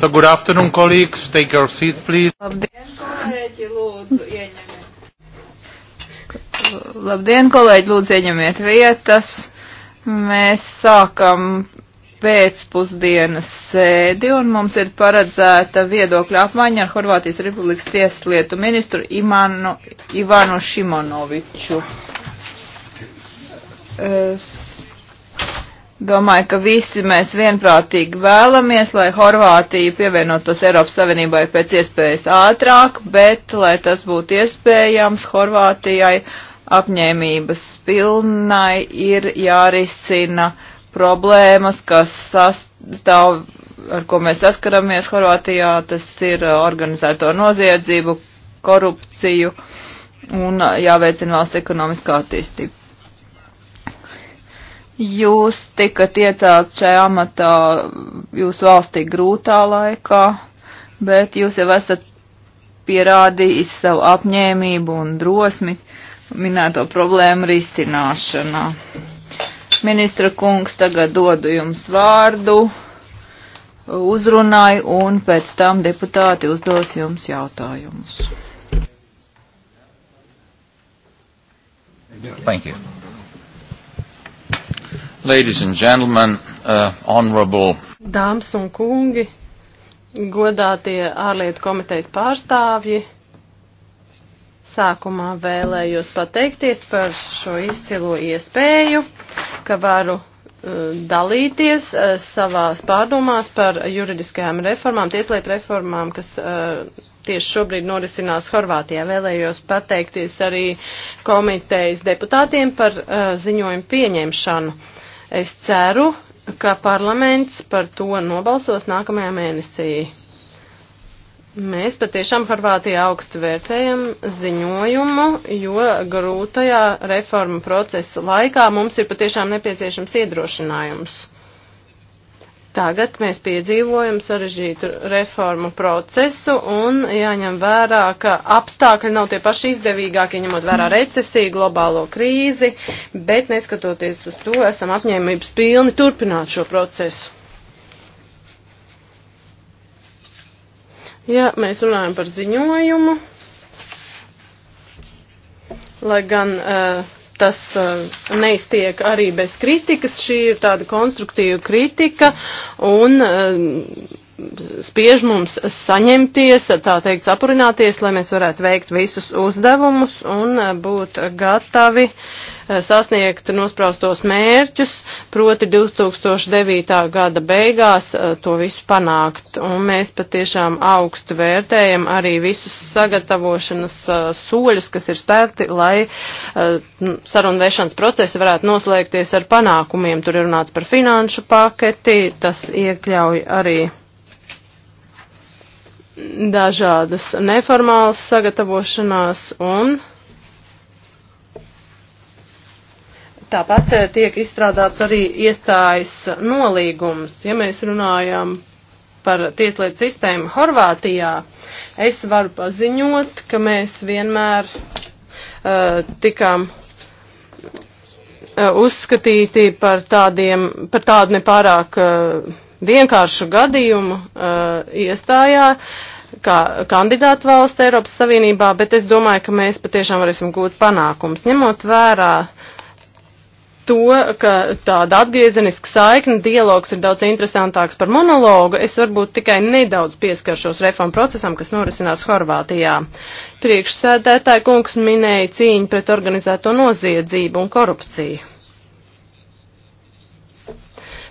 So good afternoon, colleagues. Take your seat, please. Labdien, kolēģi, lūdzu, ieņemiet. Labdien, kolēģi, lūdzu, ieņemiet vietas. Mēs sākam pēcpusdienas sēdi un mums ir paredzēta viedokļa apmaiņa ar Horvātijas Republikas tieslietu ministru Imanu, Ivanu Šimonoviču. Es eh, Domāju, ka visi mēs vienprātīgi vēlamies, lai Horvātija pievienotos Eiropas Savienībai pēc iespējas ātrāk, bet, lai tas būtu iespējams, Horvātijai apņēmības pilnai ir jārisina problēmas, kas sastāv, ar ko mēs saskaramies Horvātijā, tas ir organizēto noziedzību, korupciju un jāveicina valsts ekonomiskā attīstība. Jūs tikat iecelt šajā amatā jūsu valstī grūtā laikā, bet jūs jau esat pierādījis savu apņēmību un drosmi minēto problēmu risināšanā. Ministra kungs, tagad dodu jums vārdu, uzrunai un pēc tam deputāti uzdos jums jautājumus. Thank you. Ladies and gentlemen, uh, honorable. Dāmas un kungi, godātie ārlietu komitejas pārstāvji, sākumā vēlējos pateikties par šo izcilo iespēju, ka varu uh, dalīties uh, savās pārdomās par juridiskajām reformām, tieslietu reformām, kas uh, tieši šobrīd norisinās Horvātijā. Vēlējos pateikties arī komitejas deputātiem par ziņojumu pieņemšanu. Es ceru, ka parlaments par to nobalsos nākamajā mēnesī. Mēs patiešām Horvātijā augstu vērtējam ziņojumu, jo grūtajā reforma procesa laikā mums ir patiešām nepieciešams iedrošinājums. Tagad mēs piedzīvojam sarežģītu reformu procesu un jāņem vērā, ka apstākļi nav tie paši izdevīgākie, ņemot vērā mm. recesiju, globālo krīzi, bet neskatoties uz to, esam apņēmības pilni turpināt šo procesu. Ja mēs runājam par ziņojumu, lai gan uh, tas uh, neiztiek arī bez kritikas. Šī ir tāda konstruktīva kritika un uh, spiež mums saņemties, tā teikt, sapurināties, lai mēs varētu veikt visus uzdevumus un uh, būt gatavi uh, sasniegt nospraustos mērķus, proti 2009. gada beigās eh, to visu panākt. Un mēs patiešām augstu vērtējam arī visus sagatavošanas eh, soļus, kas ir spērti, lai eh, sarunvešanas procesi varētu noslēgties ar panākumiem. Tur ir runāts par finanšu paketi, tas iekļauj arī dažādas neformālas sagatavošanās un Tāpat eh, tiek izstrādāts arī iestājas nolīgums. Ja mēs runājam par tieslietu sistēmu Horvātijā, es varu paziņot, ka mēs vienmēr uh, eh, tikām uh, eh, uzskatīti par, tādiem, par tādu nepārāk uh, vienkāršu gadījumu uh, iestājā. Uh, kā kandidātu valsts Eiropas Savienībā, bet es domāju, ka mēs patiešām varēsim gūt panākums. Ņemot vērā to, ka tāda atgriezeniska saikna dialogs ir daudz interesantāks par monologu, es varbūt tikai nedaudz pieskaršos reformu procesam, kas norisinās Horvātijā. Priekšsēdētāja kungs minēja cīņu pret organizēto noziedzību un korupciju.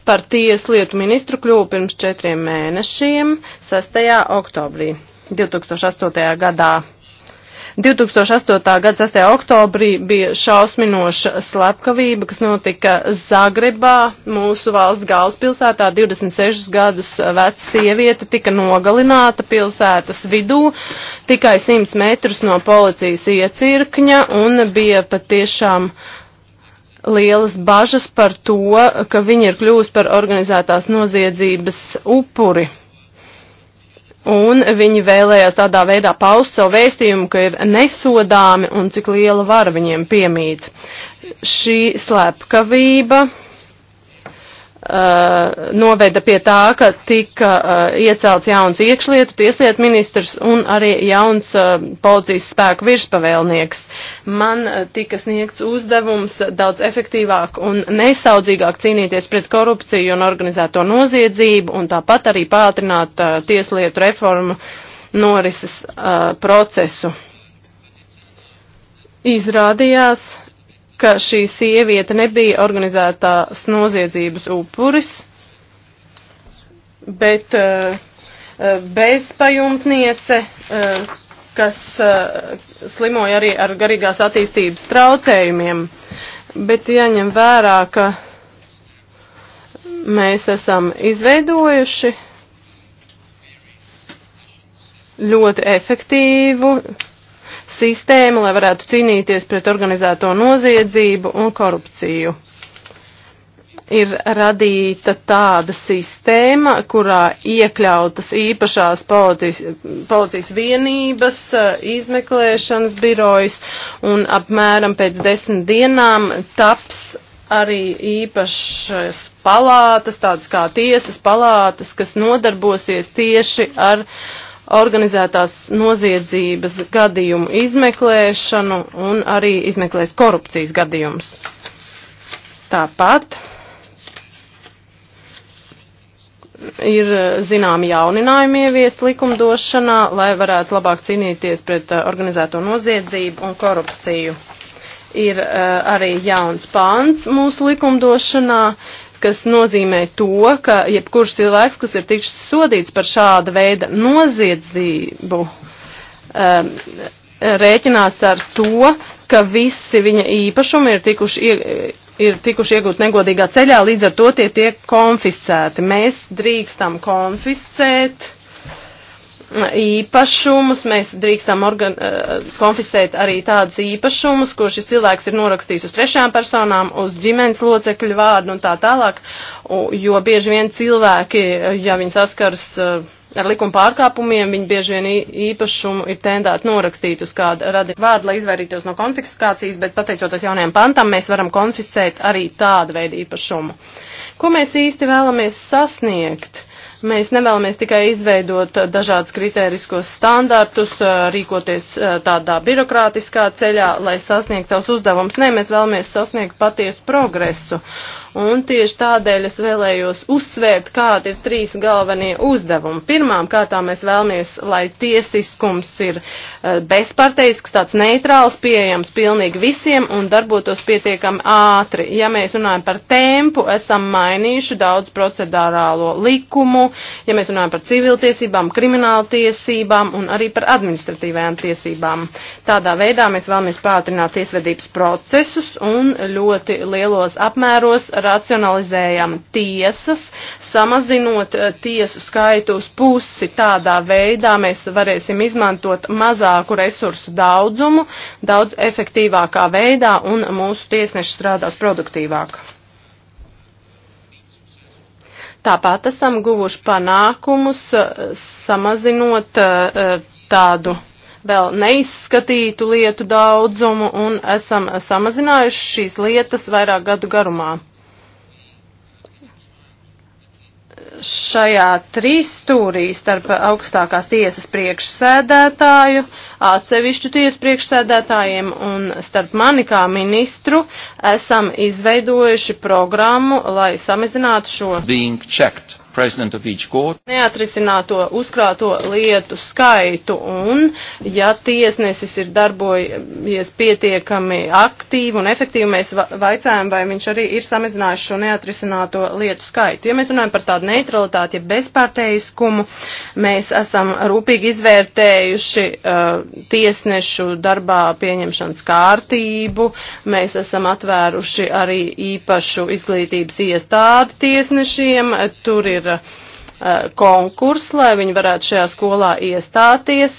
Par tieslietu ministru kļuvu pirms četriem mēnešiem, 6. oktobrī 2008. gadā. 2008. gada 6. oktobrī bija šausminoša slepkavība, kas notika Zagrebā, mūsu valsts galvaspilsētā. 26 gadus veca sieviete tika nogalināta pilsētas vidū, tikai 100 metrus no policijas iecirkņa un bija patiešām lielas bažas par to, ka viņi ir kļūst par organizētās noziedzības upuri. Un viņi vēlējās tādā veidā paust savu vēstījumu, ka ir nesodāmi un cik liela vara viņiem piemīt. Šī slepkavība Uh, noveda pie tā, ka tika uh, iecelts jauns iekšlietu tieslietu ministrs un arī jauns uh, policijas spēku virspavēlnieks. Man uh, tika sniegts uzdevums daudz efektīvāk un nesaudzīgāk cīnīties pret korupciju un organizēto noziedzību un tāpat arī pātrināt uh, tieslietu reformu norises uh, procesu. Izrādījās, ka šī sieviete nebija organizētās noziedzības upuris, bet uh, bezpajumtniece, uh, kas uh, slimoja arī ar garīgās attīstības traucējumiem. Bet jāņem vērā, ka mēs esam izveidojuši ļoti efektīvu sistēmu, lai varētu cīnīties pret organizēto noziedzību un korupciju. Ir radīta tāda sistēma, kurā iekļautas īpašās policijas, policijas vienības, izmeklēšanas birojas un apmēram pēc desmit dienām taps arī īpašas palātas, tādas kā tiesas palātas, kas nodarbosies tieši ar uh, organizētās noziedzības gadījumu izmeklēšanu un arī izmeklēs korupcijas gadījumus. Tāpat ir eh, zināmi jauninājumi ieviest likumdošanā, lai varētu labāk cīnīties pret eh, organizēto noziedzību un korupciju. Ir uh, arī jauns pāns mūsu likumdošanā, uh, kas nozīmē to, ka jebkurš cilvēks, kas ir tikšs sodīts par šāda veida noziedzību, um, rēķinās ar to, ka visi viņa īpašumi ir tikuši, ir tikuši iegūt negodīgā ceļā, līdz ar to tie tiek konfiscēti. Mēs drīkstam konfiscēt īpašumus, mēs drīkstam organ, eh, konfiscēt arī tādus īpašumus, kur šis cilvēks ir norakstījis uz trešām personām, uz ģimenes locekļu vārdu un tā tālāk, jo bieži vien cilvēki, ja viņi saskars eh, ar likuma pārkāpumiem, viņi bieži vien īpašumu ir tendēti norakstīt uz kādu radītu vārdu, lai izvairītos no konfiskācijas, bet pateicoties jaunajam pantam, mēs varam konfiscēt arī tādu veidu īpašumu. Ko mēs īsti vēlamies sasniegt? Mēs nevēlamies tikai izveidot eh, dažādus kritēriskos standartus, eh, rīkoties eh, tādā birokrātiskā ceļā, lai sasniegtu savus uzdevumus. Nē, mēs vēlamies sasniegt patiesu progresu. Un tieši tādēļ es vēlējos uzsvērt, kādi ir trīs galvenie uzdevumi. Pirmām kārtām mēs vēlamies, lai tiesiskums ir eh, bezparteisks, tāds neitrāls, pieejams pilnīgi visiem un darbotos pietiekami ātri. Ja mēs runājam par tempu, esam mainījuši daudz procedārālo likumu, ja mēs runājam par civiltiesībām, krimināltiesībām un arī par administratīvajām tiesībām. Tādā veidā mēs vēlamies pātrināt tiesvedības procesus un ļoti lielos apmēros racionalizējam tiesas, samazinot eh, tiesu skaitu uz pusi. Tādā veidā mēs varēsim izmantot mazāku resursu daudzumu daudz efektīvākā veidā un mūsu tiesneši strādās produktīvāk. Tāpat esam guvuši panākumus, eh, samazinot eh, tādu vēl neizskatītu lietu daudzumu un esam samazinājuši šīs lietas vairāk gadu garumā. šajā trīsstūrī starp augstākās tiesas priekšsēdētāju, atsevišķu tiesu priekšsēdētājiem un starp mani kā ministru esam izveidojuši programmu, lai samazinātu šo neatrisināto uzkrāto lietu skaitu un, ja tiesnesis ir darbojies pietiekami aktīvi un efektīvi, mēs vaicājam, vai viņš arī ir samazinājis šo neatrisināto lietu skaitu. Ja mēs runājam par tādu neutralitāti, ja bezpārteiskumu, mēs esam rūpīgi izvērtējuši uh, tiesnešu darbā pieņemšanas kārtību. Mēs esam atvēruši arī īpašu izglītības iestādi tiesnešiem. Tur ir eh, konkurss, lai viņi varētu šajā skolā iestāties.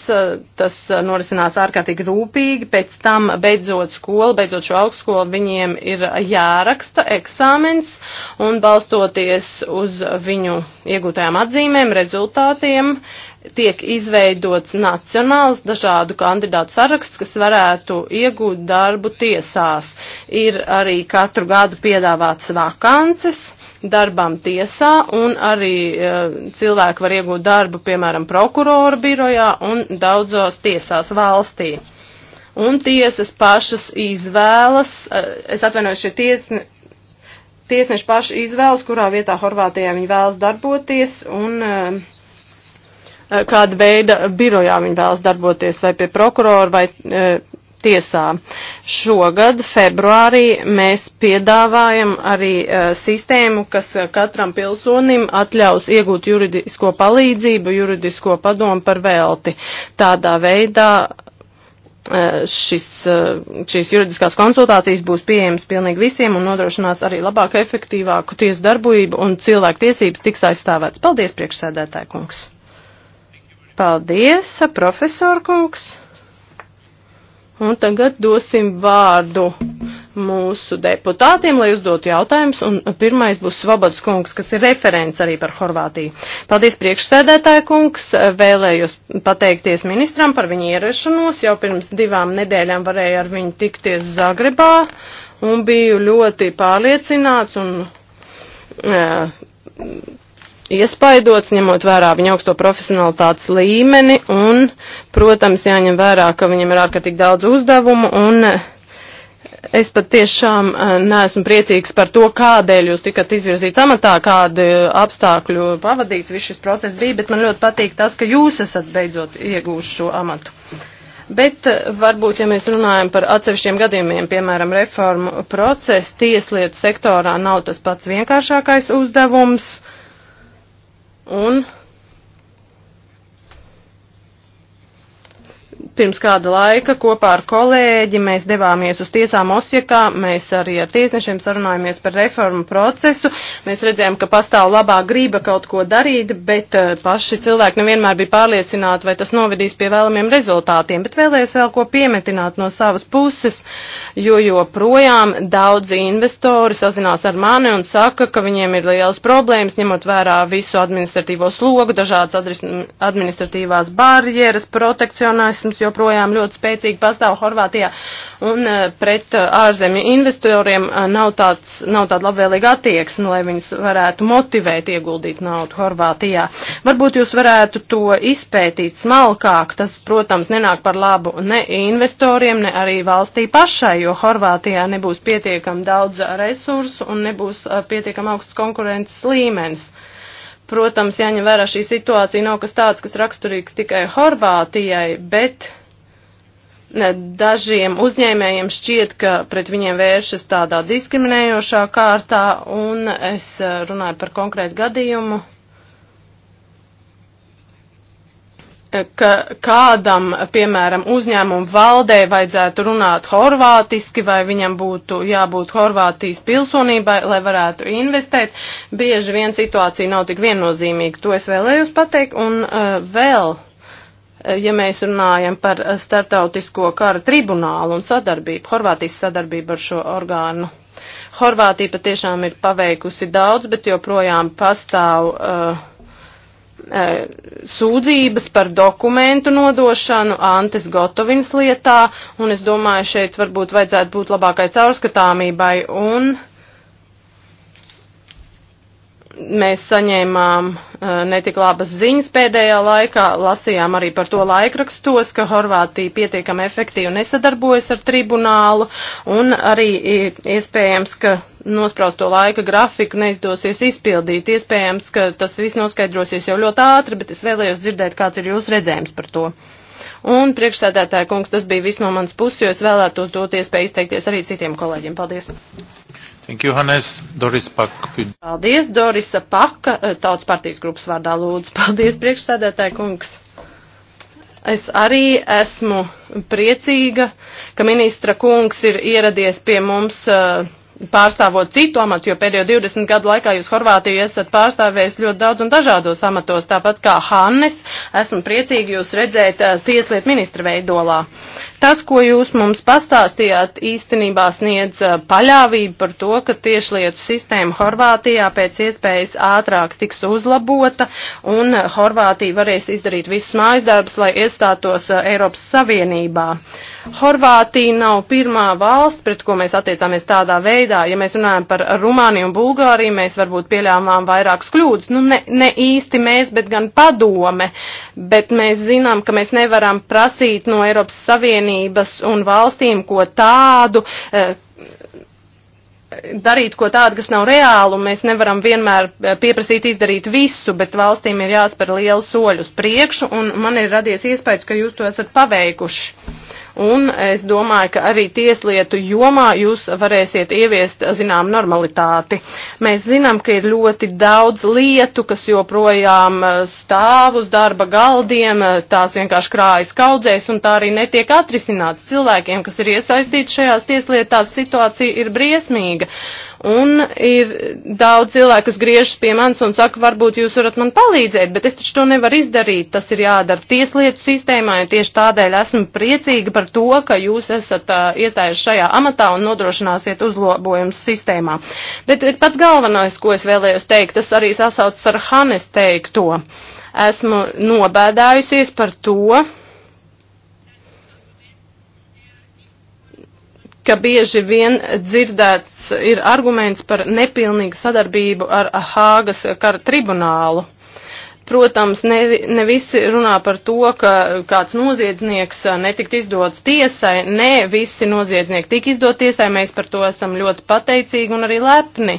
Tas norisinās ārkārtīgi rūpīgi. Pēc tam, beidzot skolu, beidzot šo augstskolu, viņiem ir jāraksta eksāmens un balstoties uz viņu iegūtajām atzīmēm, rezultātiem, uh, tiek izveidots nacionāls dažādu kandidātu saraksts, kas varētu iegūt darbu tiesās. Ir arī katru gadu piedāvāts vakances darbām tiesā, un arī e, cilvēki var iegūt darbu, piemēram, prokuroru birojā un daudzos tiesās valstī. Un tiesas pašas izvēlas, e, es atvainojos, šie tiesni, tiesneši paši izvēlas, kurā vietā Horvātijā viņi vēlas darboties, un e, Eh, kāda veida birojā viņi vēlas darboties, vai pie prokurora, vai e, tiesā. Šogad, februārī, mēs piedāvājam arī e, sistēmu, kas katram pilsonim atļaus iegūt juridisko palīdzību, juridisko padomu par velti. Tādā veidā šis, šīs juridiskās konsultācijas būs pieejamas pilnīgi visiem un nodrošinās arī labāku, efektīvāku tiesu darbību un cilvēku tiesības tiks aizstāvētas. Paldies, priekšsēdētāji kungs! Paldies, profesor Kungs. Un tagad dosim vārdu mūsu deputātiem, lai uzdot jautājumus, un pirmais būs Svobods kungs, kas ir referents arī par Horvātiju. Paldies priekšsēdētāja kungs, vēlējos pateikties ministram par viņu ierašanos, jau pirms divām nedēļām varēju ar viņu tikties Zagrebā, un biju ļoti pārliecināts un. Uh, iespaidots, ņemot vērā viņa augsto profesionalitātes līmeni un, protams, jāņem vērā, ka viņam ir ārkārtīgi daudz uzdevumu un eh, es pat tiešām eh, neesmu priecīgs par to, kādēļ jūs tikat izvirzīts amatā, kādu eh, apstākļu pavadīts viss šis process bija, bet man ļoti patīk tas, ka jūs esat beidzot iegūši šo amatu. Bet varbūt, ja mēs runājam par atsevišķiem gadījumiem, piemēram, reformu procesu, tieslietu sektorā nav tas pats vienkāršākais uzdevums. Uh, un pirms kāda laika kopā ar kolēģi mēs devāmies uz tiesām Osjekā, mēs arī ar tiesnešiem sarunājāmies par reformu procesu, mēs redzējām, ka pastāv labā grība kaut ko darīt, bet eh, paši cilvēki nevienmēr bija pārliecināti, vai tas novedīs pie vēlamiem rezultātiem, bet vēlējos vēl ko piemetināt no savas puses, jo joprojām daudzi investori sazinās ar mani un saka, ka viņiem ir liels problēmas, ņemot vērā visu administratīvo slogu, dažādas administratīvās barjeras, protekcionālis attieksmes joprojām ļoti spēcīgi pastāv Horvātijā un eh, pret eh, ārzemju investoriem eh, nav, tāds, nav tāda labvēlīga attieksme, lai viņus varētu motivēt ieguldīt naudu Horvātijā. Varbūt jūs varētu to izpētīt smalkāk, tas, protams, nenāk par labu ne investoriem, ne arī valstī pašai, jo Horvātijā nebūs pietiekam daudz resursu un nebūs pietiekam augsts konkurences līmenis. Protams, jāņem vērā šī situācija nav kas tāds, kas raksturīgs tikai Horvātijai, bet dažiem uzņēmējiem šķiet, ka pret viņiem vēršas tādā diskriminējošā kārtā, un es eh, runāju par konkrētu gadījumu, ka kādam, piemēram, uzņēmumu valdē vajadzētu runāt horvātiski vai viņam būtu jābūt Horvātijas pilsonībai, lai varētu investēt. Bieži vien situācija nav tik viennozīmīga, to es vēlējos pateikt. Un uh, vēl, eh, ja mēs runājam par startautisko kara tribunālu un sadarbību, Horvātijas sadarbību ar šo orgānu. Horvātija patiešām ir paveikusi daudz, bet joprojām pastāv. Uh, E, sūdzības par dokumentu nodošanu Antes Gotovins lietā, un es domāju, šeit varbūt vajadzētu būt labākai caurskatāmībai un mēs saņēmām eh, netik labas ziņas pēdējā laikā, lasījām arī par to laikrakstos, ka Horvātija pietiekami efektīvi nesadarbojas ar tribunālu un arī iespējams, ka nospraustu laika grafiku neizdosies izpildīt. Iespējams, ka tas viss noskaidrosies jau ļoti ātri, bet es vēlējos dzirdēt, kāds ir jūsu redzējums par to. Un priekšsēdētāja kungs, tas bija viss no manas puses, jo es vēlētos dot iespēju izteikties arī citiem kolēģiem. Paldies! Thank you, Hannes. Doris Pak. Paldies, Dorisa Paka, eh, tautas partijas grupas vārdā lūdzu. Paldies, priekšsēdētāji kungs. Es arī esmu priecīga, ka ministra kungs ir ieradies pie mums uh, pārstāvot citu amatu, jo pēdējo 20 gadu laikā jūs Horvātiju esat pārstāvējis ļoti daudz un dažādos amatos, tāpat kā Hannes, esmu priecīgi jūs redzēt eh, tieslietu ministra veidolā. Tas, ko jūs mums pastāstījāt, īstenībā sniedz eh, paļāvību par to, ka tiešlietu sistēma Horvātijā pēc iespējas ātrāk tiks uzlabota un Horvātija varēs izdarīt visus mājas darbus, lai iestātos eh, Eiropas Savienībā. Uh, Horvātija nav pirmā valsts, pret ko mēs attiecāmies tādā veidā. Ja mēs runājam par Rumāniju un Bulgāriju, mēs varbūt pieļāvām vairākas kļūdas. Nu, ne, ne īsti mēs, bet gan padome. Bet mēs zinām, ka mēs nevaram prasīt no Eiropas Savienības un valstīm ko tādu, eh, darīt ko tādu, kas nav reāli, un mēs nevaram vienmēr eh, pieprasīt izdarīt visu, bet valstīm ir jāspēr lielu soļu uz priekšu, un man ir radies iespējas, ka jūs to esat paveikuši un es domāju, ka arī tieslietu jomā jūs varēsiet ieviest zinām normalitāti. Mēs zinām, ka ir ļoti daudz lietu, kas joprojām eh, stāv uz darba galdiem, eh, tās vienkārši krājas kaudzēs un tā arī netiek atrisināts. Cilvēkiem, kas ir iesaistīti šajās tieslietās, situācija ir briesmīga. Uh, Un ir daudz cilvēku, kas griežas pie manis un saka, varbūt jūs varat man palīdzēt, bet es taču to nevaru izdarīt. Tas ir jādara tieslietu sistēmā, ja tieši tādēļ esmu priecīga par to, ka jūs esat uh, iestājuši šajā amatā un nodrošināsiet uzlabojumus sistēmā. Bet pats galvenais, ko es vēlējos teikt, tas arī sasaucas ar Hanes teikto. Esmu nobēdājusies par to, ka bieži vien dzirdēts ir arguments par nepilnīgu sadarbību ar Hāgas kara tribunālu. Protams, ne, ne visi runā par to, ka kāds noziedznieks netikt izdots tiesai. Nē, visi noziedznieki tika izdot tiesai, mēs par to esam ļoti pateicīgi un arī lepni.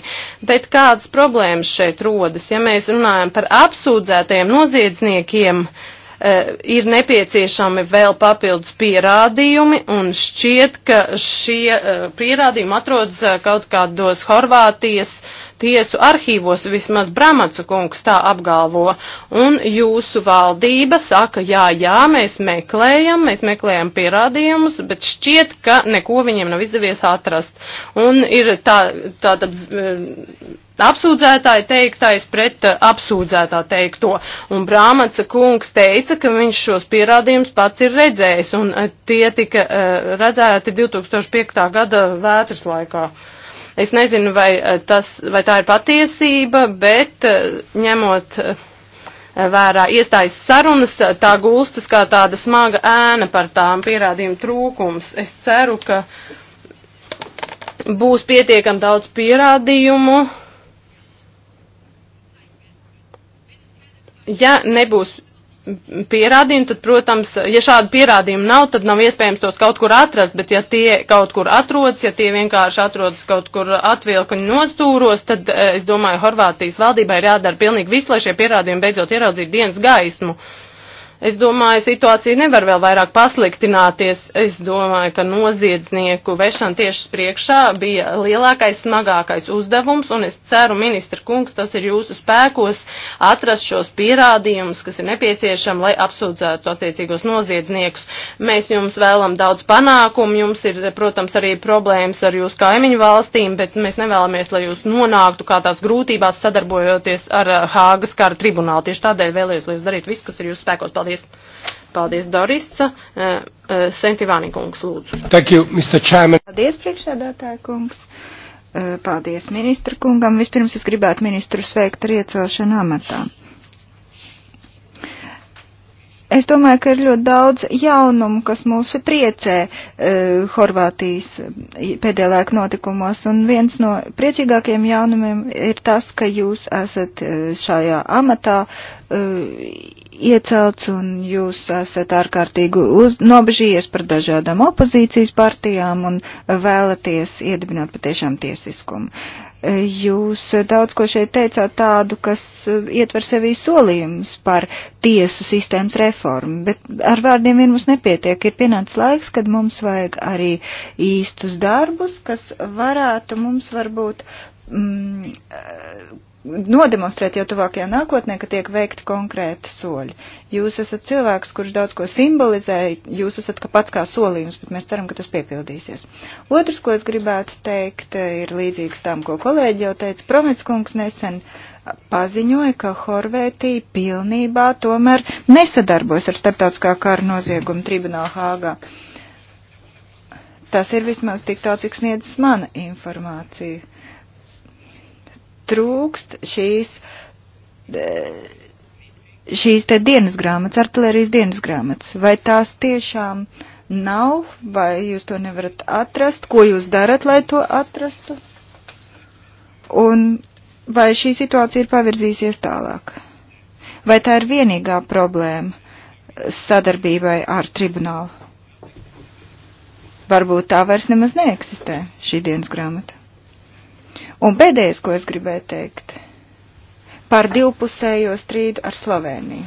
Bet kādas problēmas šeit rodas? Ja mēs runājam par apsūdzētajiem noziedzniekiem, uh, Eh, ir nepieciešami vēl papildus pierādījumi, un šķiet, ka šie eh, pierādījumi atrodas eh, kaut kādos Horvātijas tiesu arhīvos, vismaz Bramacu kungs tā apgalvo, un jūsu valdība saka, jā, jā, mēs meklējam, mēs meklējam pierādījumus, bet šķiet, ka neko viņiem nav izdevies atrast. Un ir tā, tā tad apsūdzētāja teiktais pret eh, apsūdzētā teikto. Un Brāmaca kungs teica, ka viņš šos pierādījumus pats ir redzējis, un eh, tie tika eh, redzēti 2005. gada vētras laikā. Es nezinu, vai, tas, vai tā ir patiesība, bet ņemot vērā iestājas sarunas, tā gulstas kā tāda smaga ēna par tām pierādījumu trūkums. Es ceru, ka būs pietiekam daudz pierādījumu ja nebūs pierādījumi, tad, protams, ja šādu pierādījumu nav, tad nav iespējams tos kaut kur atrast, bet ja tie kaut kur atrodas, ja tie vienkārši atrodas kaut kur atvilkuņu nostūros, tad, eh, es domāju, Horvātijas valdībai ir jādara pilnīgi viss, lai šie pierādījumi beidzot ieraudzītu dienas gaismu. Uh, Es domāju, situācija nevar vēl vairāk pasliktināties. Es domāju, ka noziedznieku vešana tieši priekšā bija lielākais, smagākais uzdevums, un es ceru, ministra kungs, tas ir jūsu spēkos atrast šos pierādījumus, kas ir nepieciešami, lai apsūdzētu attiecīgos noziedzniekus. Mēs jums vēlam daudz panākumu, jums ir, protams, arī problēmas ar jūsu kaimiņu valstīm, bet mēs nevēlamies, lai jūs nonāktu kā tās grūtībās sadarbojoties ar eh, Hāgas kara tribunālu. Tieši tādēļ vēlējos, lai jūs darītu visu, kas ir jūsu spēkos. Paldies! Paldies! Paldies, Dorisa. Uh, eh, uh, eh, Sentivāni kungs, lūdzu. Thank you, Mr. Chairman. Paldies, priekšsēdētāja kungs. Uh, paldies ministra kungam. Vispirms es gribētu ministru sveikt ar iecelšanu amatā. Uh, Es domāju, ka ir ļoti daudz jaunumu, kas mūs priecē uh, e, Horvātijas eh, pēdējā laika notikumos, un viens no priecīgākajiem jaunumiem ir tas, ka jūs esat eh, šajā amatā uh, e, iecelts un jūs esat ārkārtīgi uz, nobežījies par dažādām opozīcijas partijām un vēlaties iedibināt patiešām tiesiskumu. Uh, Jūs daudz ko šeit teicāt tādu, kas e, ietver sevī solījumus par tiesu sistēmas reformu, bet ar vārdiem vien mums nepietiek. Ir pienācis laiks, kad mums vajag arī īstus darbus, kas varētu mums varbūt mm, nodemonstrēt jau tuvākajā nākotnē, ka tiek veikti konkrēti soļi. Jūs esat cilvēks, kurš daudz ko simbolizē, jūs esat kā pats kā solījums, bet mēs ceram, ka tas piepildīsies. Otrs, ko es gribētu teikt, ir līdzīgs tam, ko kolēģi jau teica. Prometskungs nesen paziņoja, ka Horvētija pilnībā tomēr nesadarbojas ar starptautiskā kara noziegumu tribunālu Hāgā. Tas ir vismaz tik tālu, cik sniedzas mana informācija trūkst šīs, e, šīs te dienas grāmatas, artilērijas dienas grāmatas. Vai tās tiešām nav, vai jūs to nevarat atrast, ko jūs darat, lai to atrastu? Un vai šī situācija ir pavirzīsies tālāk? Vai tā ir vienīgā problēma sadarbībai ar tribunālu? Varbūt tā vairs nemaz neeksistē, šī dienas grāmata. Un pēdējais, ko es gribēju teikt, par divpusējo strīdu ar Sloveniju,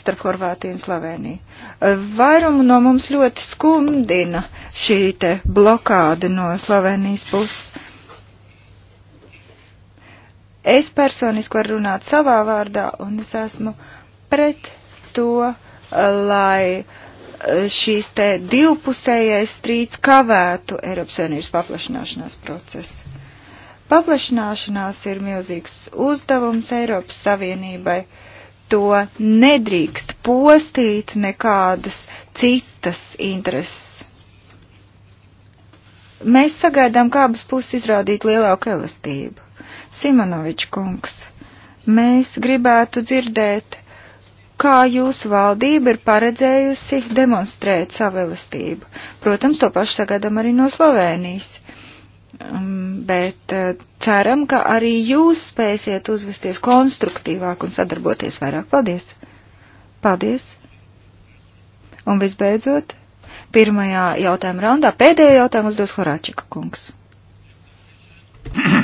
starp Horvātiju un Sloveniju. Vairumu no mums ļoti skumdina šī te blokāde no Slovenijas puses. Es personiski varu runāt savā vārdā, un es esmu pret to, lai eh, šīs te divpusējais strīds kavētu Eiropas Savienības paplašanāšanās procesu Paplašināšanās ir milzīgs uzdevums Eiropas Savienībai. To nedrīkst postīt nekādas citas intereses. Mēs sagaidām, kā abas puses izrādīt lielāku elastību. Simonovičs kungs, mēs gribētu dzirdēt, kā jūsu valdība ir paredzējusi demonstrēt savu elastību. Protams, to pašu sagaidām arī no Slovēnijas. Um, bet uh, ceram, ka arī jūs spēsiet uzvesties konstruktīvāk un sadarboties vairāk. Paldies! Paldies! Un visbeidzot, pirmajā jautājuma raundā pēdējo jautājumu uzdos Horāčika kungs.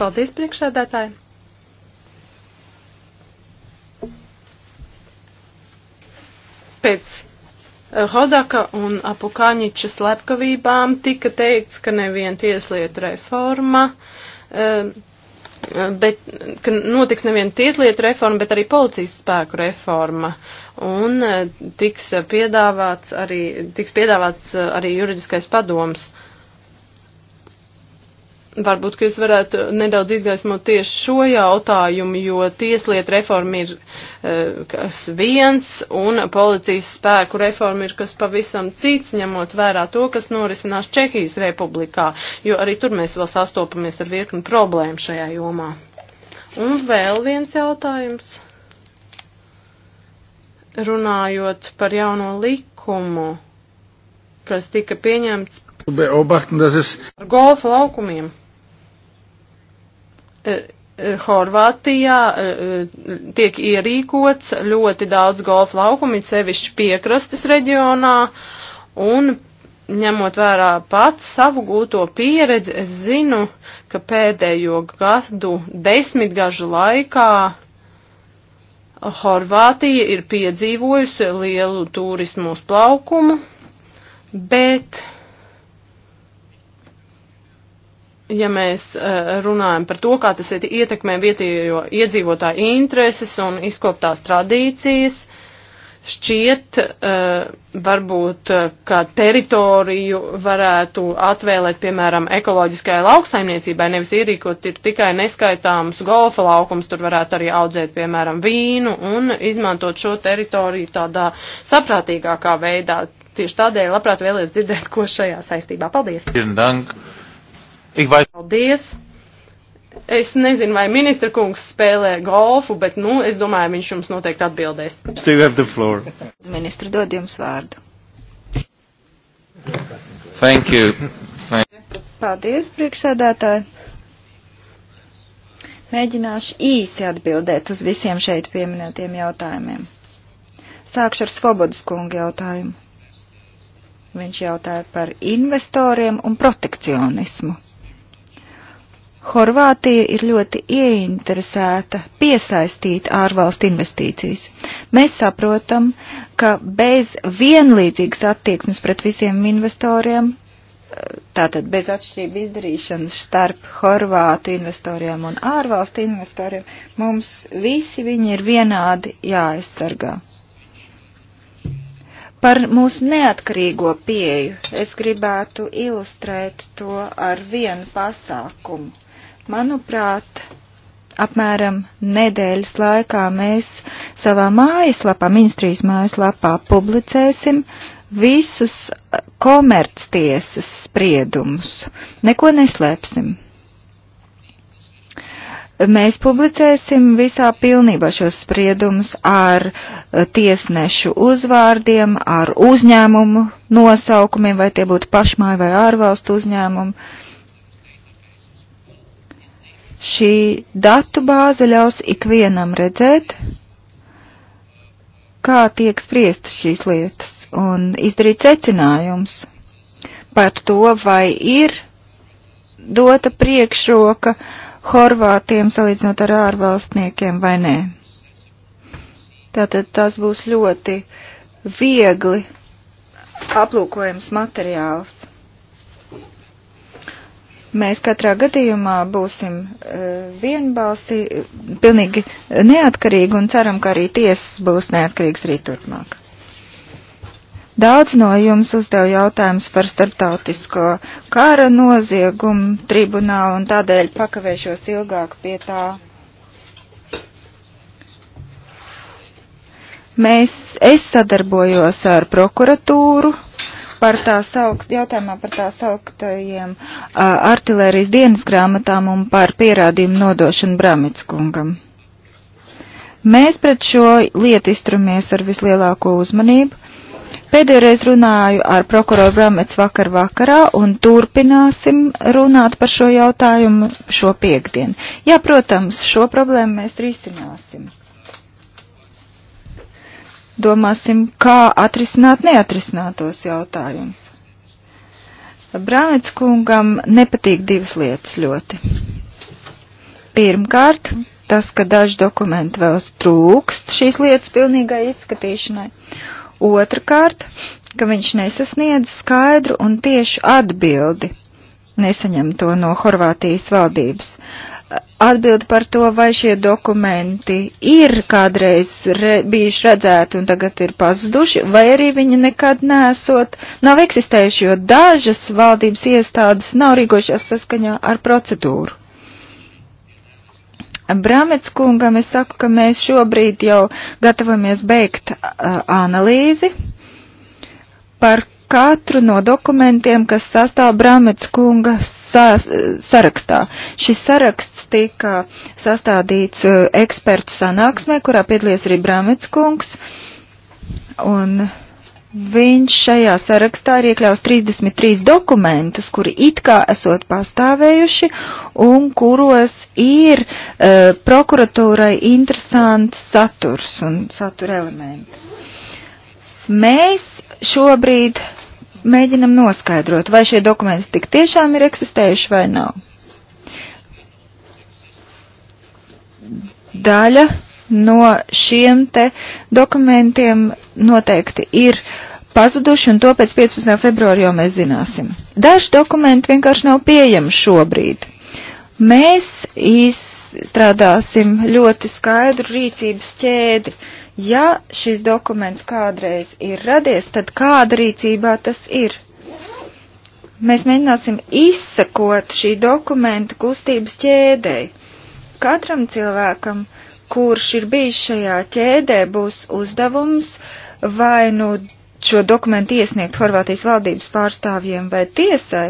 Paldies, priekšsēdētāji! Pēc Eh, Hodaka un Apukaņiča slepkavībām tika teikts, ka nevien tieslietu reforma, eh, bet, ka notiks nevien tieslietu reforma, bet arī policijas spēku reforma. Un eh, tiks piedāvāts arī, tiks piedāvāts arī juridiskais padoms Varbūt, ka jūs varētu nedaudz izgaismot tieši šo jautājumu, jo tieslietu reforma ir uh, kas viens un policijas spēku reforma ir kas pavisam cits, ņemot vērā to, kas norisinās Čehijas republikā, jo arī tur mēs vēl sastopamies ar virkni problēmu šajā jomā. Un vēl viens jautājums. Runājot par jauno likumu, kas tika pieņemts. Beobachten, dass es. Ar golfa laukumiem. Eh, eh, Horvātijā eh, tiek ierīkots ļoti daudz golfa laukumu, it sevišķi piekrastes reģionā, un ņemot vērā pats savu gūto pieredzi, es zinu, ka pēdējo gadu desmitgažu laikā Horvātija ir piedzīvojusi lielu turismu uzplaukumu, bet ja mēs eh, runājam par to, kā tas ietekmē vietējo iedzīvotāju intereses un izkoptās tradīcijas, šķiet, eh, varbūt, eh, ka teritoriju varētu atvēlēt, piemēram, ekoloģiskajai lauksaimniecībai, nevis ierīkot ir tikai neskaitāms golfa laukums, tur varētu arī audzēt, piemēram, vīnu un izmantot šo teritoriju tādā saprātīgākā veidā. Tieši tādēļ labprāt vēlies dzirdēt, ko šajā saistībā. Paldies! Dank. Paldies! Es nezinu, vai ministra kungs spēlē golfu, bet, nu, es domāju, viņš jums noteikti atbildēs. Ministru dod jums vārdu. Thank you. Thank you. Paldies, priekšsēdētāji. Mēģināšu īsi atbildēt uz visiem šeit pieminētiem jautājumiem. Sākšu ar Svobodas kunga jautājumu. Viņš jautāja par investoriem un protekcionismu. Horvātija ir ļoti ieinteresēta piesaistīt ārvalstu investīcijas. Mēs saprotam, ka bez vienlīdzīgas attieksmes pret visiem investoriem, tātad bez atšķirību izdarīšanas starp horvātu investoriem un ārvalstu investoriem, mums visi viņi ir vienādi jāaizsargā. Par mūsu neatkarīgo pieju es gribētu ilustrēt to ar vienu pasākumu Manuprāt, apmēram nedēļas laikā mēs savā mājaslapā, ministrijas mājaslapā publicēsim visus komerctiesas spriedumus. Neko neslēpsim. Mēs publicēsim visā pilnībā šos spriedumus ar eh, tiesnešu uzvārdiem, ar uzņēmumu nosaukumiem, vai tie būtu pašmāji vai ārvalstu uzņēmumi Šī datu bāze ļaus ikvienam redzēt, kā tiek spriestas šīs lietas un izdarīt secinājums par to, vai ir dota priekšroka Horvātiem salīdzinot ar ārvalstniekiem vai nē. Tātad tas būs ļoti viegli aplūkojams materiāls. Mēs katrā gadījumā būsim e, vienbalsti, pilnīgi neatkarīgi un ceram, ka arī tiesas būs neatkarīgs arī turpmāk. Daudz no jums uzdev jautājumus par starptautisko kara noziegumu tribunālu un tādēļ pakavēšos ilgāk pie tā. Mēs, es sadarbojos ar prokuratūru par tā saukt, jautājumā par tā sauktajiem uh, artilērijas dienas grāmatām un par pierādījumu nodošanu Bramitskungam. Mēs pret šo lietu izturamies ar vislielāko uzmanību. Pēdējoreiz runāju ar prokuroru Bramets vakar vakarā un turpināsim runāt par šo jautājumu šo piekdienu. Jā, protams, šo problēmu mēs risināsim domāsim, kā atrisināt neatrisinātos jautājumus. Brānits kungam nepatīk divas lietas ļoti. Pirmkārt, tas, ka daži dokumenti vēl trūkst šīs lietas pilnīgai izskatīšanai. Otrakārt, ka viņš nesasniedz skaidru un tiešu atbildi nesaņem to no Horvātijas valdības atbildi par to, vai šie dokumenti ir kādreiz re, bijuši redzēti un tagad ir pazuduši, vai arī viņi nekad nesot, nav eksistējuši, jo dažas valdības iestādes nav rīkojušās saskaņā ar procedūru. Bramets kungam es saku, ka mēs šobrīd jau gatavamies beigt uh, analīzi par katru no dokumentiem, kas sastāv Brāmets kunga sās, sarakstā. Šis saraksts tika sastādīts uh, ekspertu sanāksmē, kurā piedalies arī Brāmets kungs. Un viņš šajā sarakstā ir iekļaus 33 dokumentus, kuri it kā esot pastāvējuši un kuros ir uh, prokuratūrai interesants saturs un satura elementi. Mēs šobrīd mēģinam noskaidrot, vai šie dokumenti tik tiešām ir eksistējuši vai nav. Daļa no šiem te dokumentiem noteikti ir pazuduši, un to pēc 15. februāra jau mēs zināsim. Daži dokumenti vienkārši nav pieejami šobrīd. Mēs izstrādāsim ļoti skaidru rīcības ķēdi. Uh, Ja šis dokuments kādreiz ir radies, tad kāda rīcībā tas ir? Mēs mēģināsim izsakot šī dokumenta kustības ķēdei. Katram cilvēkam, kurš ir bijis šajā ķēdē, būs uzdevums vai nu šo dokumentu iesniegt Horvātijas valdības pārstāvjiem vai tiesai,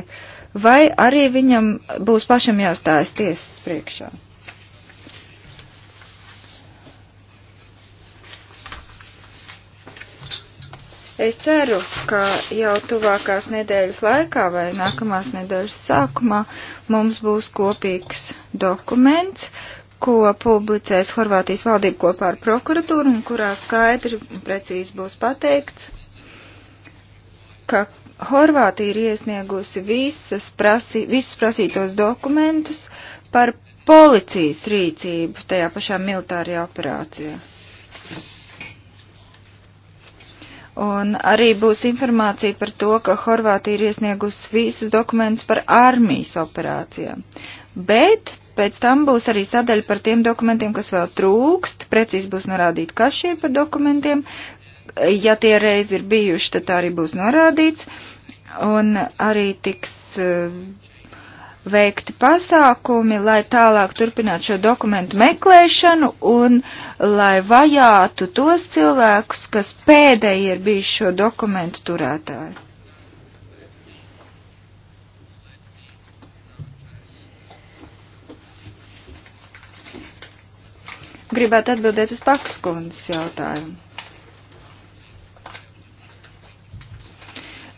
vai arī viņam būs pašam jāstājas tiesas priekšā. Es ceru, ka jau tuvākās nedēļas laikā vai nākamās nedēļas sākumā mums būs kopīgs dokuments, ko publicēs Horvātijas valdība kopā ar prokuratūru un kurā skaidri un precīzi būs pateikts, ka Horvātija ir iesniegusi visas prasī, visus prasītos dokumentus par policijas rīcību tajā pašā militārajā operācijā. Un arī būs informācija par to, ka Horvātija ir iesniegusi visus dokumentus par armijas operācijām. Bet pēc tam būs arī sadaļa par tiem dokumentiem, kas vēl trūkst. Precīzi būs norādīti, kas šie par dokumentiem. Ja tie reiz ir bijuši, tad tā arī būs norādīts. Un arī tiks. Uh, veikti pasākumi, lai tālāk turpinātu šo dokumentu meklēšanu un lai vajātu tos cilvēkus, kas pēdēji ir bijuši šo dokumentu turētāji. Gribētu atbildēt uz Pakas kundzes jautājumu.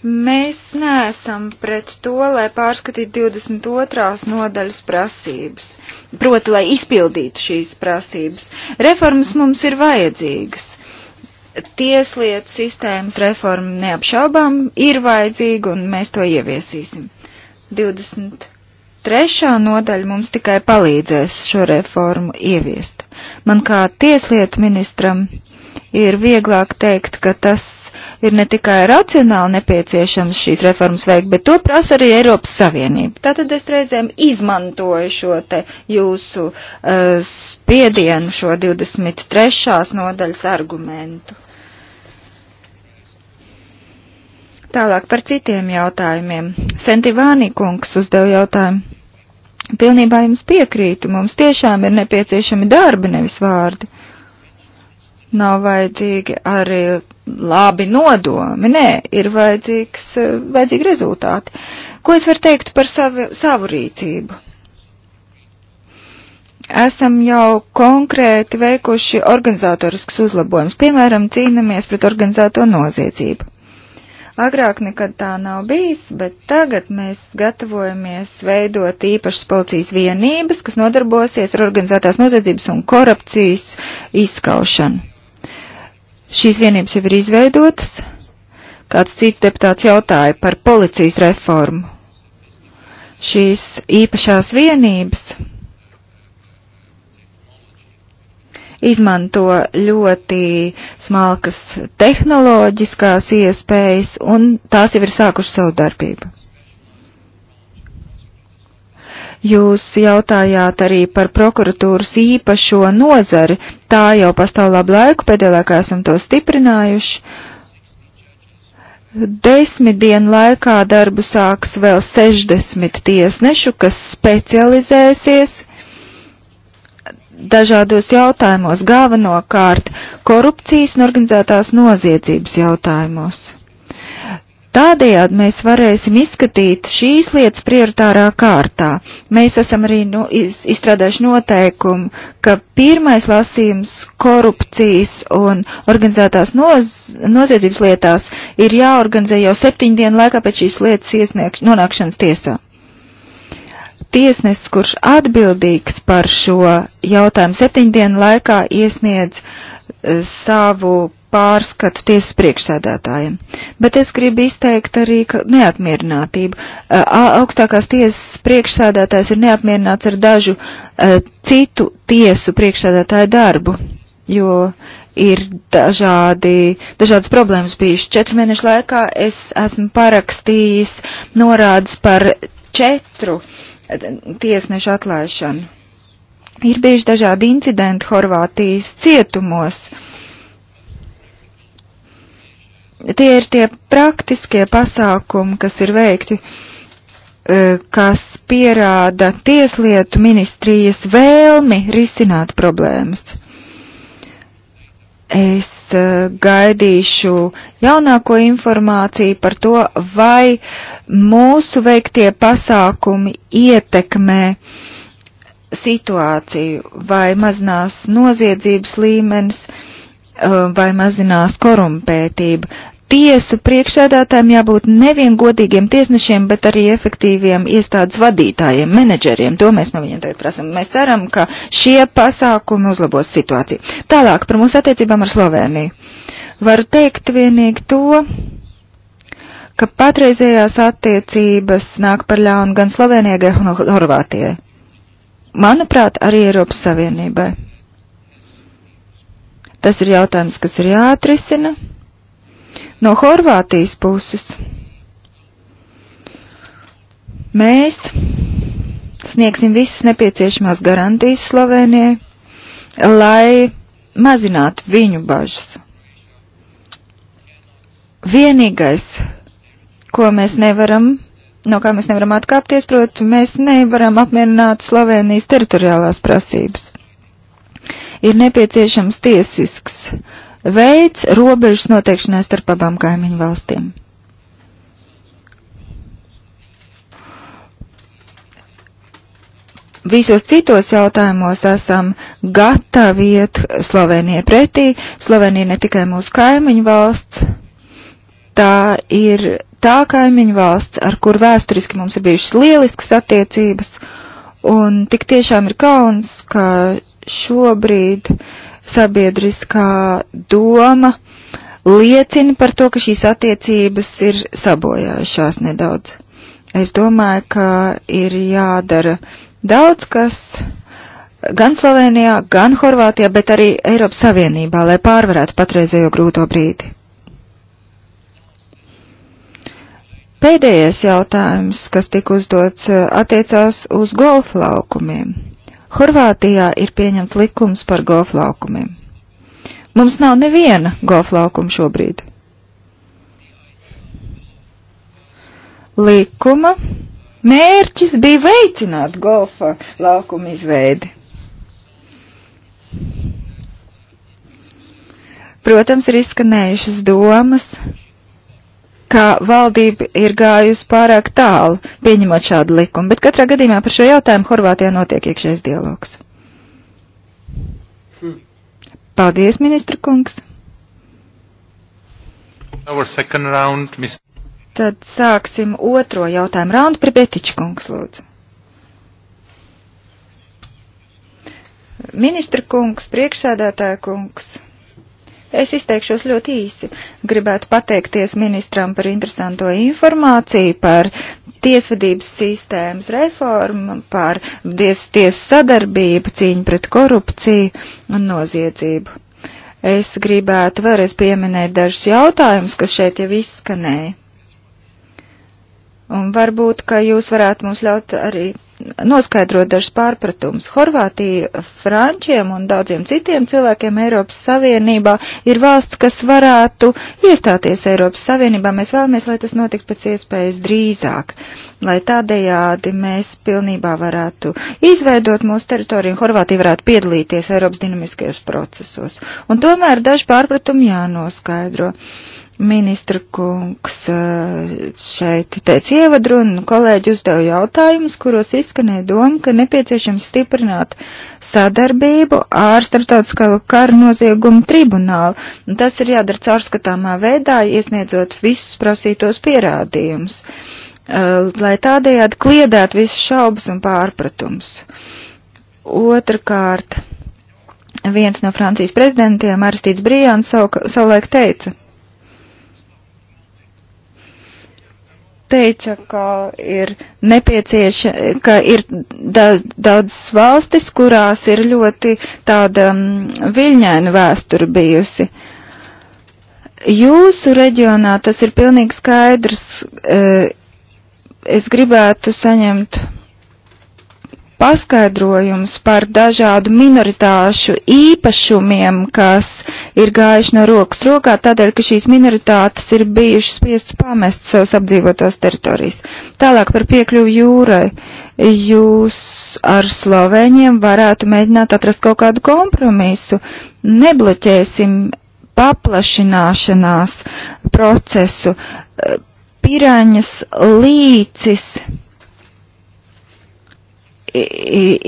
Mēs neesam pret to, lai pārskatītu 22. nodaļas prasības, proti, lai izpildītu šīs prasības. Reformas mums ir vajadzīgas. Tieslietu sistēmas reforma neapšaubām ir vajadzīga un mēs to ieviesīsim. 20 trešā nodaļa mums tikai palīdzēs šo reformu ieviest. Man kā tieslietu ministram ir vieglāk teikt, ka tas ir ne tikai racionāli nepieciešams šīs reformas veikt, bet to prasa arī Eiropas Savienība. Tātad es reizēm izmantoju šo te jūsu uh, spiedienu, šo 23. nodaļas argumentu. Tālāk par citiem jautājumiem. Sentivāni kungs uzdev jautājumu. Pilnībā jums piekrītu, mums tiešām ir nepieciešami darbi, nevis vārdi. Nav vajadzīgi arī labi nodomi, nē, ir vajadzīgs, eh, vajadzīgi rezultāti. Ko es varu teikt par savu, savu rīcību? esam jau konkrēti veikuši organizatorisks uzlabojums, piemēram, cīnāmies pret organizēto noziedzību. Agrāk nekad tā nav bijis, bet tagad mēs gatavojamies veidot īpašas policijas vienības, kas nodarbosies ar organizētās noziedzības un korupcijas izskaušanu. Šīs vienības jau ir izveidotas. Kāds cits deputāts jautāja par policijas reformu. Šīs īpašās vienības izmanto ļoti smalkas tehnoloģiskās iespējas, un tās jau ir sākušas savu darbību. Jūs jautājāt arī par prokuratūras īpašo nozari. Tā jau pastāv labu laiku, pēdējā laikā esam to stiprinājuši. Desmit dienu laikā darbu sāks vēl 60 tiesnešu, kas specializēsies dažādos jautājumos, galvenokārt korupcijas un organizētās noziedzības jautājumos. Tādējādi mēs varēsim izskatīt šīs lietas prioritārā kārtā. Mēs esam arī nu, iz, izstrādājuši noteikumu, ka pirmais lasījums korupcijas un organizētās noz, noziedzības lietās ir jāorganizē jau septiņu dienu laikā pēc šīs lietas iesniegš, nonākšanas tiesā. Tiesnesis, kurš atbildīgs par šo jautājumu septiņu dienu laikā iesniedz uh, savu pārskatu tiesas priekšsēdētājiem. Bet es gribu izteikt arī neapmierinātību. Augstākās tiesas priekšsēdētājs ir neapmierināts ar dažu citu tiesu priekšsēdētāju darbu, jo ir dažādi, dažādas problēmas bijušas. Četru mēnešu laikā es esmu parakstījis norādes par četru tiesnešu atlaišanu. Ir bijuši dažādi incidenti Horvātijas cietumos. Uh, tie ir tie praktiskie pasākumi, kas ir veikti, e, kas pierāda tieslietu ministrijas vēlmi risināt problēmas. Es e, gaidīšu jaunāko informāciju par to, vai mūsu veiktie pasākumi ietekmē situāciju, vai mazinās noziedzības līmenis e, vai mazinās korumpētība tiesu priekšsēdātājiem jābūt nevien godīgiem tiesnešiem, bet arī efektīviem iestādes vadītājiem, menedžeriem. To mēs no viņiem tagad prasam. Mēs ceram, ka šie pasākumi uzlabos situāciju. Tālāk par mūsu attiecībām ar Sloveniju. Varu teikt vienīgi to, ka patreizējās attiecības nāk par ļaunu gan Slovenijai, gan Horvātijai. Manuprāt, arī Eiropas Savienībai. Tas ir jautājums, kas ir jāatrisina No Horvātijas puses mēs sniegsim visas nepieciešamās garantijas Slovenijai, lai mazinātu viņu bažas. Vienīgais, ko mēs nevaram, no kā mēs nevaram atkāpties, proti, mēs nevaram apmierināt Slovenijas teritoriālās prasības. Ir nepieciešams tiesisks veids robežas noteikšanai starp abām kaimiņu valstīm. Visos citos jautājumos esam gatavi iet Slovenijai pretī. Slovenija ne tikai mūsu kaimiņu valsts, tā ir tā kaimiņu valsts, ar kur vēsturiski mums ir bijušas lieliskas attiecības, un tik tiešām ir kauns, ka šobrīd uh, sabiedriskā doma liecina par to, ka šīs attiecības ir sabojājušās nedaudz. Es domāju, ka ir jādara daudz kas gan Slovenijā, gan Horvātijā, bet arī Eiropas Savienībā, lai pārvarētu patreizējo grūto brīdi. Pēdējais jautājums, kas tika uzdots, attiecās uz golfa laukumiem. Horvātijā ir pieņemts likums par golf laukumiem. Mums nav neviena golf laukuma šobrīd. Likuma mērķis bija veicināt golfa laukuma izveidi. Protams, ir izskanējušas domas ka valdība ir gājusi pārāk tālu, pieņemot šādu likumu, bet katrā gadījumā par šo jautājumu Horvātijā notiek iekšējais dialogs. Paldies, ministra kungs! Round, mis... Tad sāksim otro jautājumu raundu. Pribetiķa kungs, lūdzu. Ministra kungs, priekšsēdētāja kungs. Es izteikšos ļoti īsi. Gribētu pateikties ministram par interesanto informāciju, par tiesvedības sistēmas reformu, par ties, tiesu sadarbību, cīņu pret korupciju un noziedzību. Es gribētu vēlreiz pieminēt dažus jautājumus, kas šeit jau izskanēja. Un varbūt, ka jūs varētu mums ļaut arī noskaidrot dažus pārpratumus. Horvātija Frančiem un daudziem citiem cilvēkiem Eiropas Savienībā ir valsts, kas varētu iestāties Eiropas Savienībā. Mēs vēlamies, lai tas notiktu pēc iespējas drīzāk, lai tādējādi mēs pilnībā varētu izveidot mūsu teritoriju un Horvātija varētu piedalīties Eiropas dinamiskajos procesos. Un tomēr daži pārpratumi jānoskaidro. Uh, Ministra kungs eh, šeit teica ievadrunu, kolēģi uzdeva jautājumus, kuros izskanēja doma, ka nepieciešams stiprināt sadarbību ar starptautiskā kara noziegumu tribunālu. Tas ir jādara caurskatāmā veidā, iesniedzot visus prasītos pierādījumus, eh, lai tādējādi kliedētu visus šaubas un pārpratums. Otrakārt, viens no Francijas prezidentiem, Aristīts Brijāns, savulaik teica, teica, ka ir nepieciešams, ka ir daudzas valstis, kurās ir ļoti tāda mm, viļņaina vēstura bijusi. Jūsu reģionā tas ir pilnīgi skaidrs. Eh, es gribētu saņemt paskaidrojums par dažādu minoritāšu īpašumiem, kas ir gājuši no rokas rokā, tādēļ, ka šīs minoritātes ir bijušas spiestas pamest savas apdzīvotās teritorijas. Tālāk par piekļuvu jūrai. Jūs ar Slovēņiem varētu mēģināt atrast kaut kādu kompromisu. Nebloķēsim paplašināšanās procesu. Piraņas līcis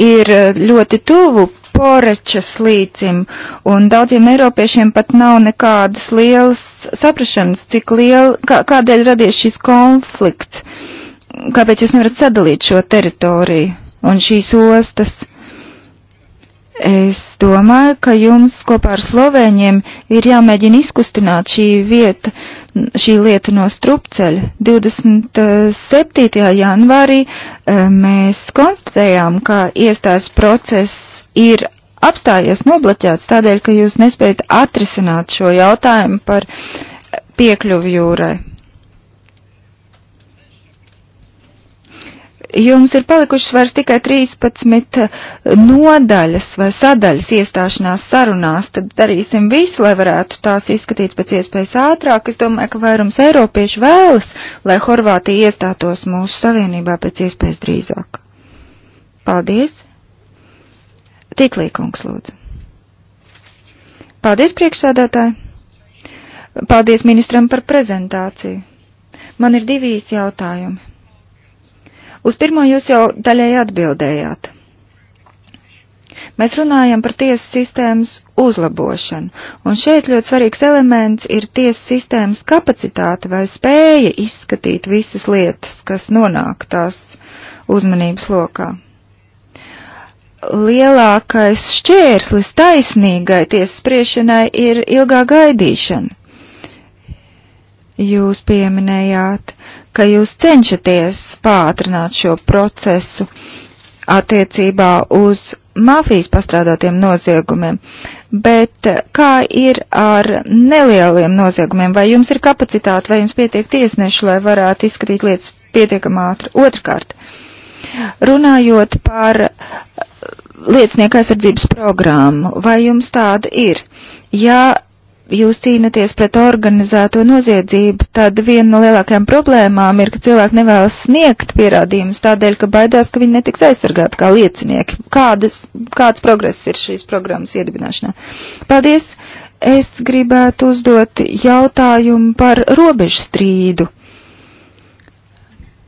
ir ļoti tuvu Porečas līcim, un daudziem eiropiešiem pat nav nekādas lielas saprašanas, cik liela, kā, kādēļ radies šis konflikts, kāpēc jūs nevarat sadalīt šo teritoriju un šīs ostas. Es domāju, ka jums kopā ar Slovēņiem ir jāmēģina izkustināt šī vieta, šī lieta no strupceļa. 27. Eh, janvārī eh, mēs konstatējām, ka iestājas process ir apstājies noblaķēts tādēļ, ka jūs nespējat atrisināt šo jautājumu par piekļuvi jūrai. Jums ir palikušas vairs tikai 13 eh, nodaļas vai sadaļas iestāšanās sarunās, tad darīsim visu, lai varētu tās izskatīt pēc iespējas ātrāk. Es domāju, ka vairums eiropiešu vēlas, lai Horvātija iestātos mūsu savienībā pēc iespējas drīzāk. Paldies! Tiklīkungs lūdzu. Paldies, priekšsādātāji! Paldies ministram par prezentāciju. Man ir divi īsi jautājumi. Uz pirmo jūs jau daļēji atbildējāt. Mēs runājam par tiesu sistēmas uzlabošanu, un šeit ļoti svarīgs elements ir tiesu sistēmas kapacitāte vai spēja izskatīt visas lietas, kas nonāk tās uzmanības lokā. Lielākais šķērslis taisnīgai tiesas spriešanai ir ilgā gaidīšana. Jūs pieminējāt ka jūs cenšaties pātrināt šo procesu attiecībā uz mafijas pastrādātiem noziegumiem, bet eh, kā ir ar nelieliem noziegumiem? Vai jums ir kapacitāte, vai jums pietiek tiesneši, lai varētu izskatīt lietas pietiekam ātri? Otrkārt, runājot par eh, liecinieka aizsardzības programmu, vai jums tāda ir? Ja jūs cīnaties pret organizēto noziedzību, tad viena no lielākajām problēmām ir, ka cilvēki nevēlas sniegt pierādījumus tādēļ, ka baidās, ka viņi netiks aizsargāti kā liecinieki. Kādas, kāds progress ir šīs programmas iedibināšanā? Paldies! Es gribētu uzdot jautājumu par robežu strīdu.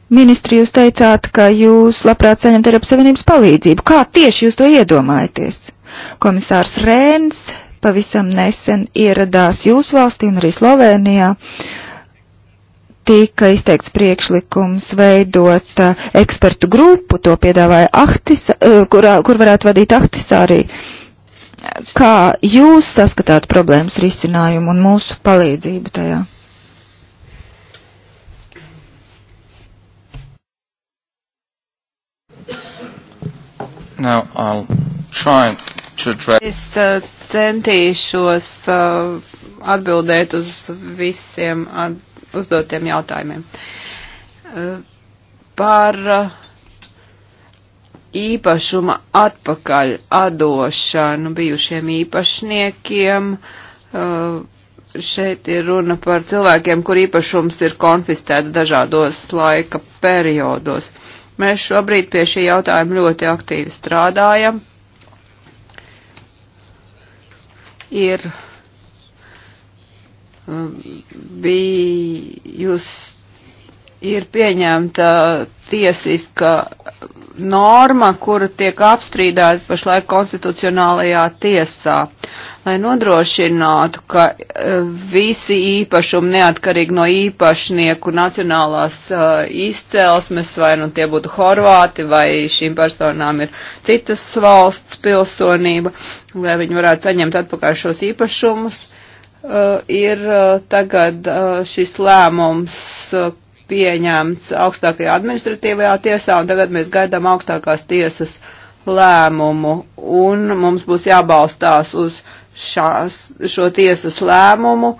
Ministri, jūs teicāt, ka jūs labprāt saņemt Eiropas Savienības palīdzību. Kā tieši jūs to iedomājaties? Komisārs Rēns pavisam nesen ieradās jūsu valstī un arī Slovenijā. Tika izteikts priekšlikums veidot eh, ekspertu grupu, to piedāvāja Ahtis, eh, kurā, kur varētu vadīt Ahtis arī. Kā jūs saskatāt problēmas risinājumu un mūsu palīdzību tajā? Now I'll try and Es eh, centīšos eh, atbildēt uz visiem uzdotiem jautājumiem. Eh, par īpašuma atpakaļ atdošanu bijušiem īpašniekiem. Šeit ir runa par cilvēkiem, kur īpašums ir konfiscēts dažādos laika periodos. Mēs šobrīd pie šī jautājuma ļoti aktīvi strādājam. ir um, bijusi ir pieņemta tiesiska norma, kura tiek apstrīdēta pašlaik konstitucionālajā tiesā lai nodrošinātu, ka eh, visi īpašumi neatkarīgi no īpašnieku nacionālās uh, izcelsmes, vai nu tie būtu horvāti, vai šīm personām ir citas valsts pilsonība, lai viņi varētu saņemt atpakaļ šos īpašumus, uh, ir uh, tagad šis lēmums pieņemts augstākajā administratīvajā tiesā, un tagad mēs gaidām augstākās tiesas lēmumu, un mums būs jābalstās uz šās, šo tiesas lēmumu,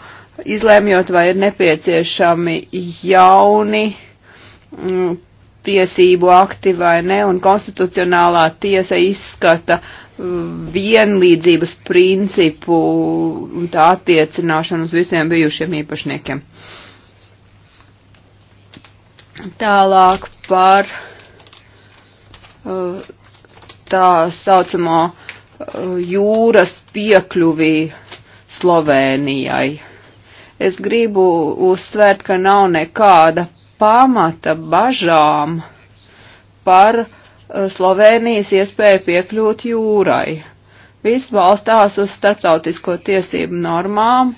izlēmjot, vai ir nepieciešami jauni mm, tiesību akti vai ne, un konstitucionālā tiesa izskata mm, vienlīdzības principu un tā attiecināšanu uz visiem bijušiem īpašniekiem. Tālāk par uh, tā saucamo uh, jūras piekļuvī Slovēnijai. Es gribu uzsvērt, ka nav nekāda pamata bažām par uh, Slovēnijas iespēju piekļūt jūrai. Viss balstās uz starptautisko tiesību normām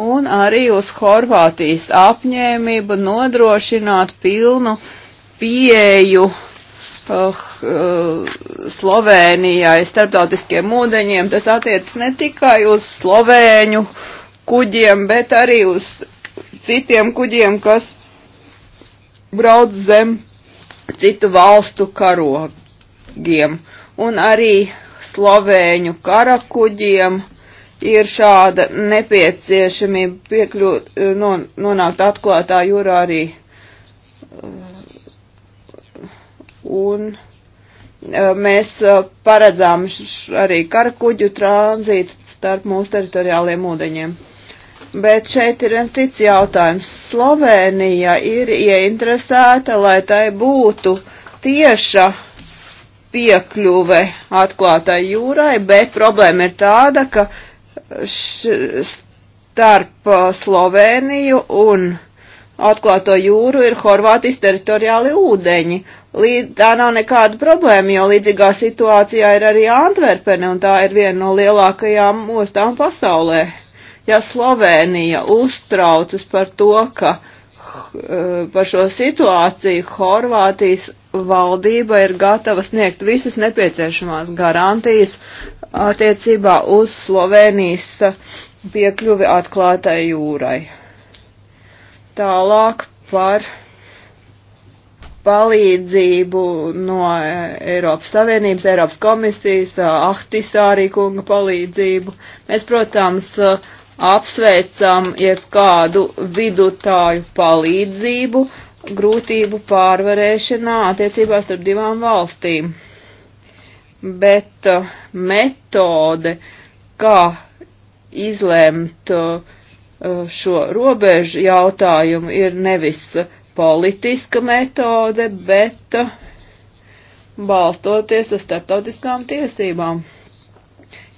un arī uz Horvātijas apņēmību nodrošināt pilnu pieeju uh, uh, oh, eh, Slovēnijai starptautiskiem ūdeņiem. Tas attiec ne tikai uz slovēņu kuģiem, bet arī uz citiem kuģiem, kas brauc zem citu valstu karogiem. Un arī slovēņu karakuģiem ir šāda nepieciešamība piekļūt, eh, non, nonākt atklātā jūrā arī uh, un eh, mēs eh, paredzām arī karakuģu tranzītu starp mūsu teritoriāliem ūdeņiem. Bet šeit ir viens cits jautājums. Slovenija ir ieinteresēta, lai tai būtu tieša piekļuve atklātai jūrai, bet problēma ir tāda, ka š, starp eh, Sloveniju un atklāto jūru ir Horvātijas teritoriāli ūdeņi, Līdz tā nav nekāda problēma, jo līdzīgā situācijā ir arī Antverpene, un tā ir viena no lielākajām ostām pasaulē. Ja Slovēnija uztraucas par to, ka eh, par šo situāciju Horvātijas valdība ir gatava sniegt visas nepieciešamās garantijas attiecībā uz Slovēnijas piekļuvi atklātai jūrai. Tālāk par palīdzību no Eiropas Savienības, Eiropas komisijas, Ahtisārī kunga palīdzību. Mēs, protams, apsveicam jebkādu vidutāju palīdzību grūtību pārvarēšanā attiecībā starp divām valstīm. Bet uh, metode, kā izlemt uh, šo robežu jautājumu, ir nevis politiska metode, bet uh, balstoties uz starptautiskām tiesībām.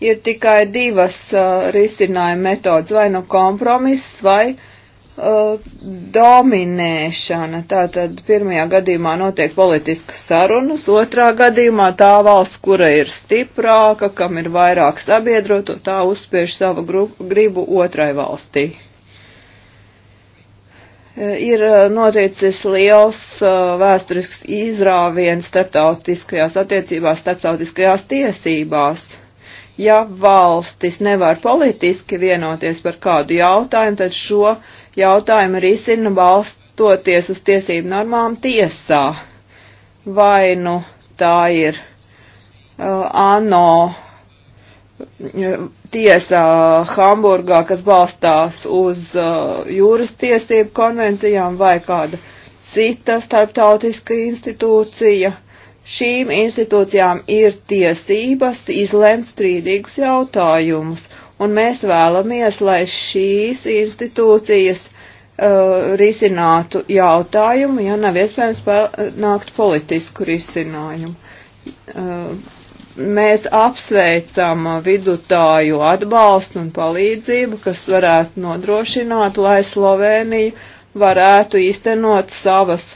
Ir tikai divas uh, risinājuma metodas, vai nu kompromiss, vai uh, dominēšana. Tātad pirmajā gadījumā notiek politiskas sarunas, otrā gadījumā tā valsts, kura ir stiprāka, kam ir vairāk sabiedroto, tā uzspiež savu grupu, gribu otrai valstī ir eh, noticis liels eh, vēsturisks izrāviens starptautiskajās attiecībās, starptautiskajās tiesībās. Ja valstis nevar politiski vienoties par kādu jautājumu, tad šo jautājumu risina balstoties uz tiesību normām tiesā. Vai nu tā ir uh, ANO tiesā Hamburgā, kas balstās uz uh, jūras tiesību konvencijām vai kāda cita starptautiska institūcija. Šīm institūcijām ir tiesības izlemt strīdīgus jautājumus, un mēs vēlamies, lai šīs institūcijas uh, risinātu jautājumu, ja nav iespējams panākt politisku risinājumu. Uh, Mēs apsveicam vidutāju atbalstu un palīdzību, kas varētu nodrošināt, lai Slovenija varētu īstenot savas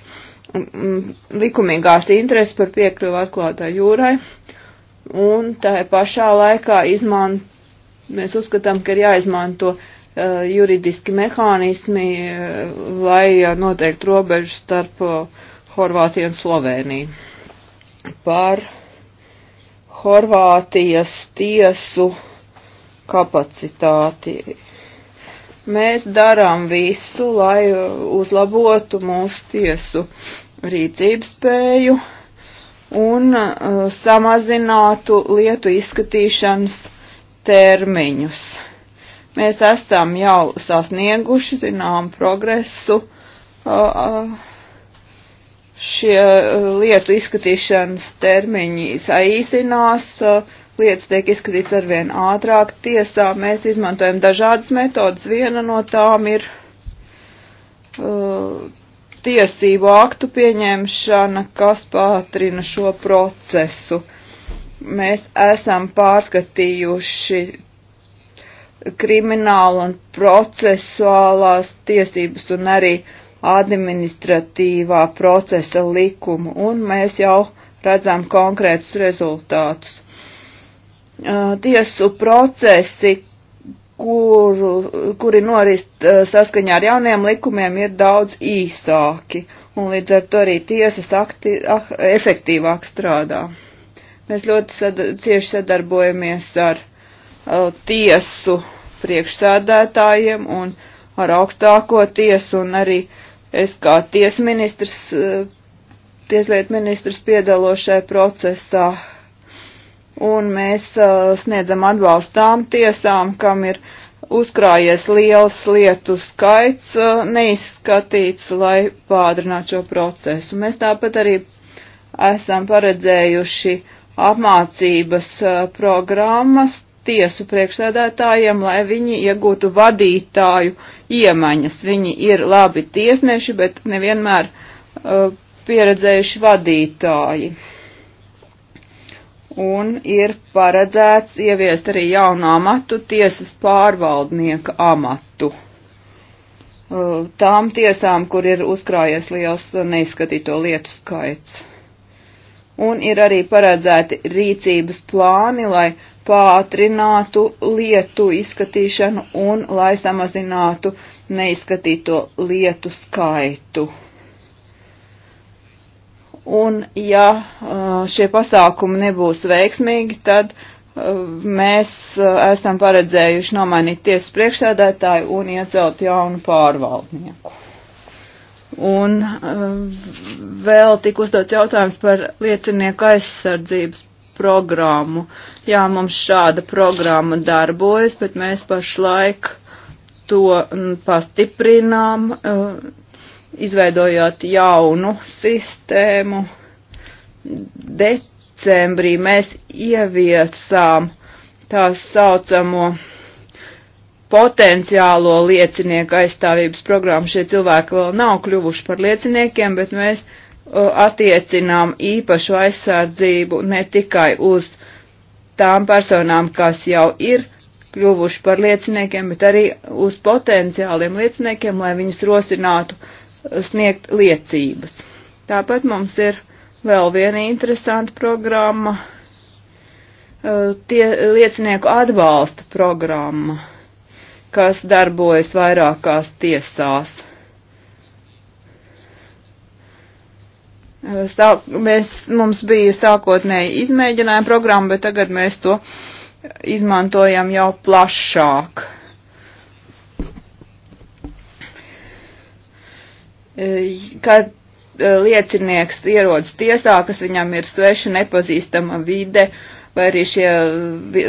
mm, mm, likumīgās intereses par piekļuvu atklātā jūrai. Un tā pašā laikā izman, mēs uzskatām, ka ir jāizmanto uh, juridiski mehānismi, uh, lai uh, eh, noteikti robežu starp uh, Horvātiju un Sloveniju. Par uh, Horvātijas tiesu kapacitāti. Mēs darām visu, lai uzlabotu mūsu tiesu rīcības spēju un uh, samazinātu lietu izskatīšanas termiņus. Mēs esam jau sasnieguši, zinām, progresu. Uh, uh, šie eh, lietu izskatīšanas termiņi saīsinās, eh, lietas tiek izskatīts arvien ātrāk. Tiesā mēs izmantojam dažādas metodas. Viena no tām ir uh, tiesību aktu pieņemšana, kas pātrina šo procesu. Mēs esam pārskatījuši krimināla un procesuālās tiesības un arī uh, administratīvā procesa likumu, un mēs jau redzam konkrētus rezultātus. Tiesu procesi, kuru, kuri norist saskaņā ar jauniem likumiem, ir daudz īsāki, un līdz ar to arī tiesas akti, ah, efektīvāk strādā. Mēs ļoti sad, cieši sadarbojamies ar uh, tiesu priekšsēdētājiem un ar augstāko tiesu un arī uh, Es kā tiesministrs, eh, tieslietu ministrs piedalos šajā procesā, un mēs eh, sniedzam atbalstu tām tiesām, kam ir uzkrājies liels lietu skaits eh, neizskatīts, lai pātrinātu šo procesu. Mēs tāpat arī esam paredzējuši apmācības programmas tiesu priekšsēdētājiem, lai viņi iegūtu vadītāju iemaņas. Viņi ir labi tiesneši, bet nevienmēr uh, pieredzējuši vadītāji. Un ir paredzēts ieviest arī jaunu amatu, tiesas pārvaldnieka amatu. Uh, tām tiesām, kur ir uzkrājies liels neizskatīto lietu skaits. Un ir arī paredzēti rīcības plāni, lai uh, pātrinātu lietu izskatīšanu un lai samazinātu neizskatīto lietu skaitu. Un ja uh, šie pasākumi nebūs veiksmīgi, tad uh, mēs uh, esam paredzējuši nomainīt tiesas priekšsēdētāju un iecelt jaunu pārvaldnieku. Un vēl tik uzdots jautājums par liecinieku aizsardzības programmu. Jā, mums šāda programma darbojas, bet mēs pašlaik to mm, pastiprinām, eh, izveidojot jaunu sistēmu. Decembrī mēs ieviesām tā saucamo potenciālo liecinieku aizstāvības programmu. Šie cilvēki vēl nav kļuvuši par lieciniekiem, bet mēs uh, attiecinām īpašu aizsardzību ne tikai uz tām personām, kas jau ir kļuvuši par lieciniekiem, bet arī uz potenciāliem lieciniekiem, lai viņus rosinātu sniegt liecības. Tāpat mums ir vēl viena interesanta programma eh, - tie liecinieku atbalsta programma, kas darbojas vairākās tiesās. Sāk, mēs, mums bija sākotnēji izmēģinājuma programma, bet tagad mēs to izmantojam jau plašāk. E, kad e, liecinieks ierodas tiesā, kas viņam ir sveša nepazīstama vide, vai arī šie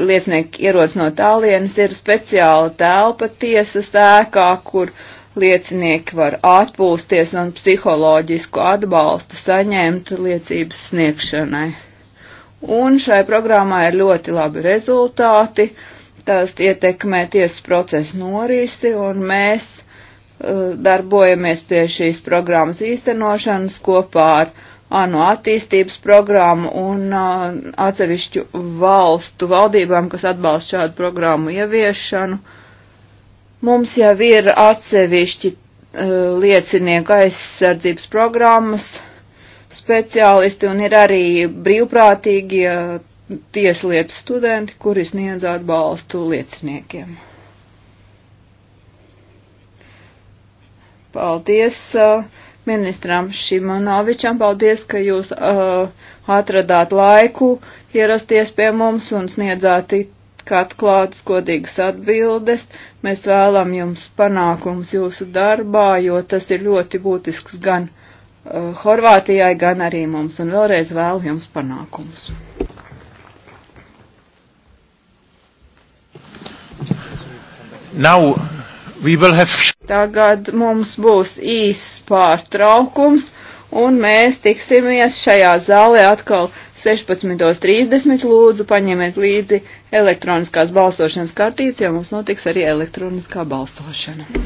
liecinieki ierodas no tālienes, ir speciāla telpa tiesas ēkā, kur uh, liecinieki var atpūsties un psiholoģisku atbalstu saņemt liecības sniegšanai. Un šai programmai ir ļoti labi rezultāti, tās ietekmē tiesas procesu norisi, un mēs uh, darbojamies pie šīs programmas īstenošanas kopā ar ANO attīstības programmu un uh, atsevišķu valstu valdībām, kas atbalsta šādu programmu ieviešanu Mums jau ir atsevišķi uh, eh, liecinieku aizsardzības programmas speciālisti un ir arī brīvprātīgie eh, tieslietu studenti, kuri sniedz atbalstu lieciniekiem. Paldies! Uh, ministram Šimanovičam. Paldies, ka jūs uh, atradāt laiku ierasties pie mums un sniedzāt atkāt klātas godīgas atbildes. Mēs vēlam jums panākums jūsu darbā, jo tas ir ļoti būtisks gan uh, Horvātijai, gan arī mums. Un vēlreiz vēlu jums panākums. Now we will have... Tagad mums būs īsts pārtraukums un mēs tiksimies šajā zālē atkal 16.30. Lūdzu, paņemiet līdzi elektroniskās balsošanas kartītes, jo mums notiks arī elektroniskā balsošana.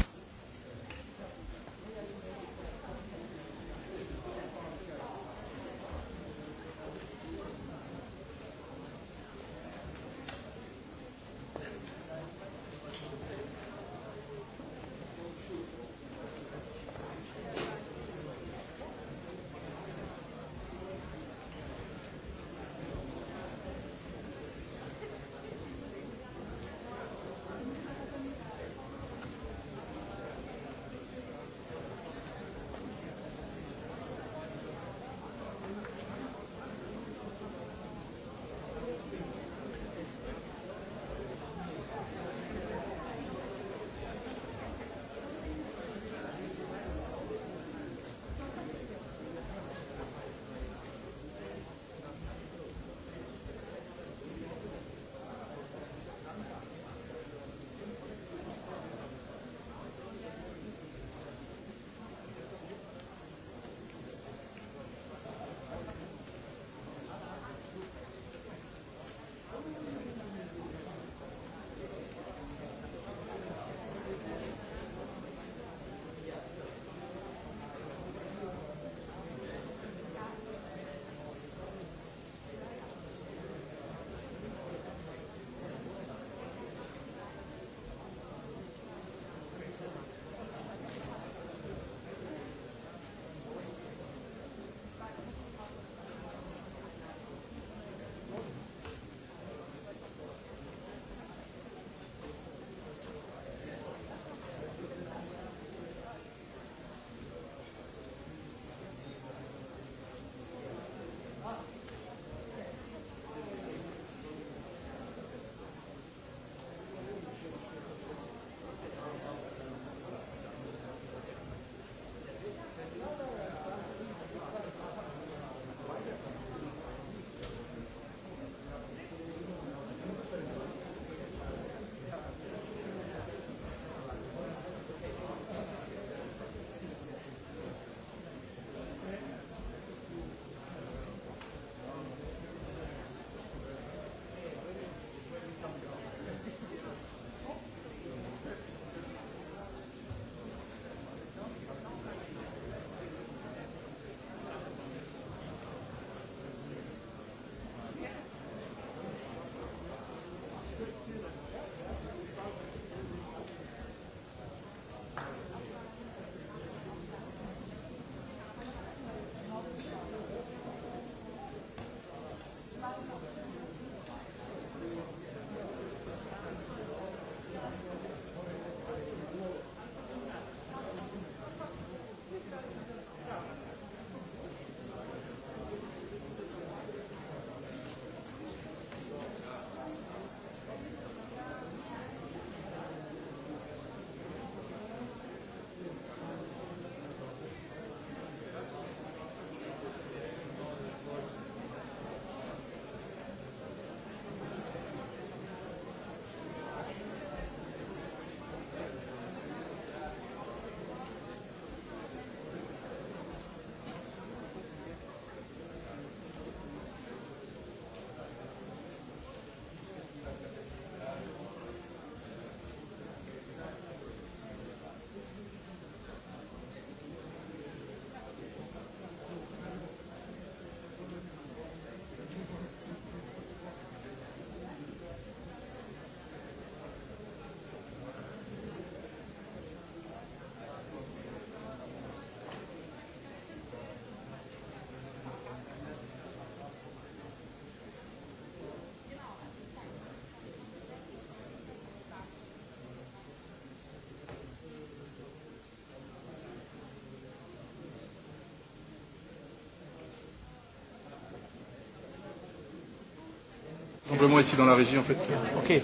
Simplement ici dans la région en fait. Ok.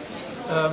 Um...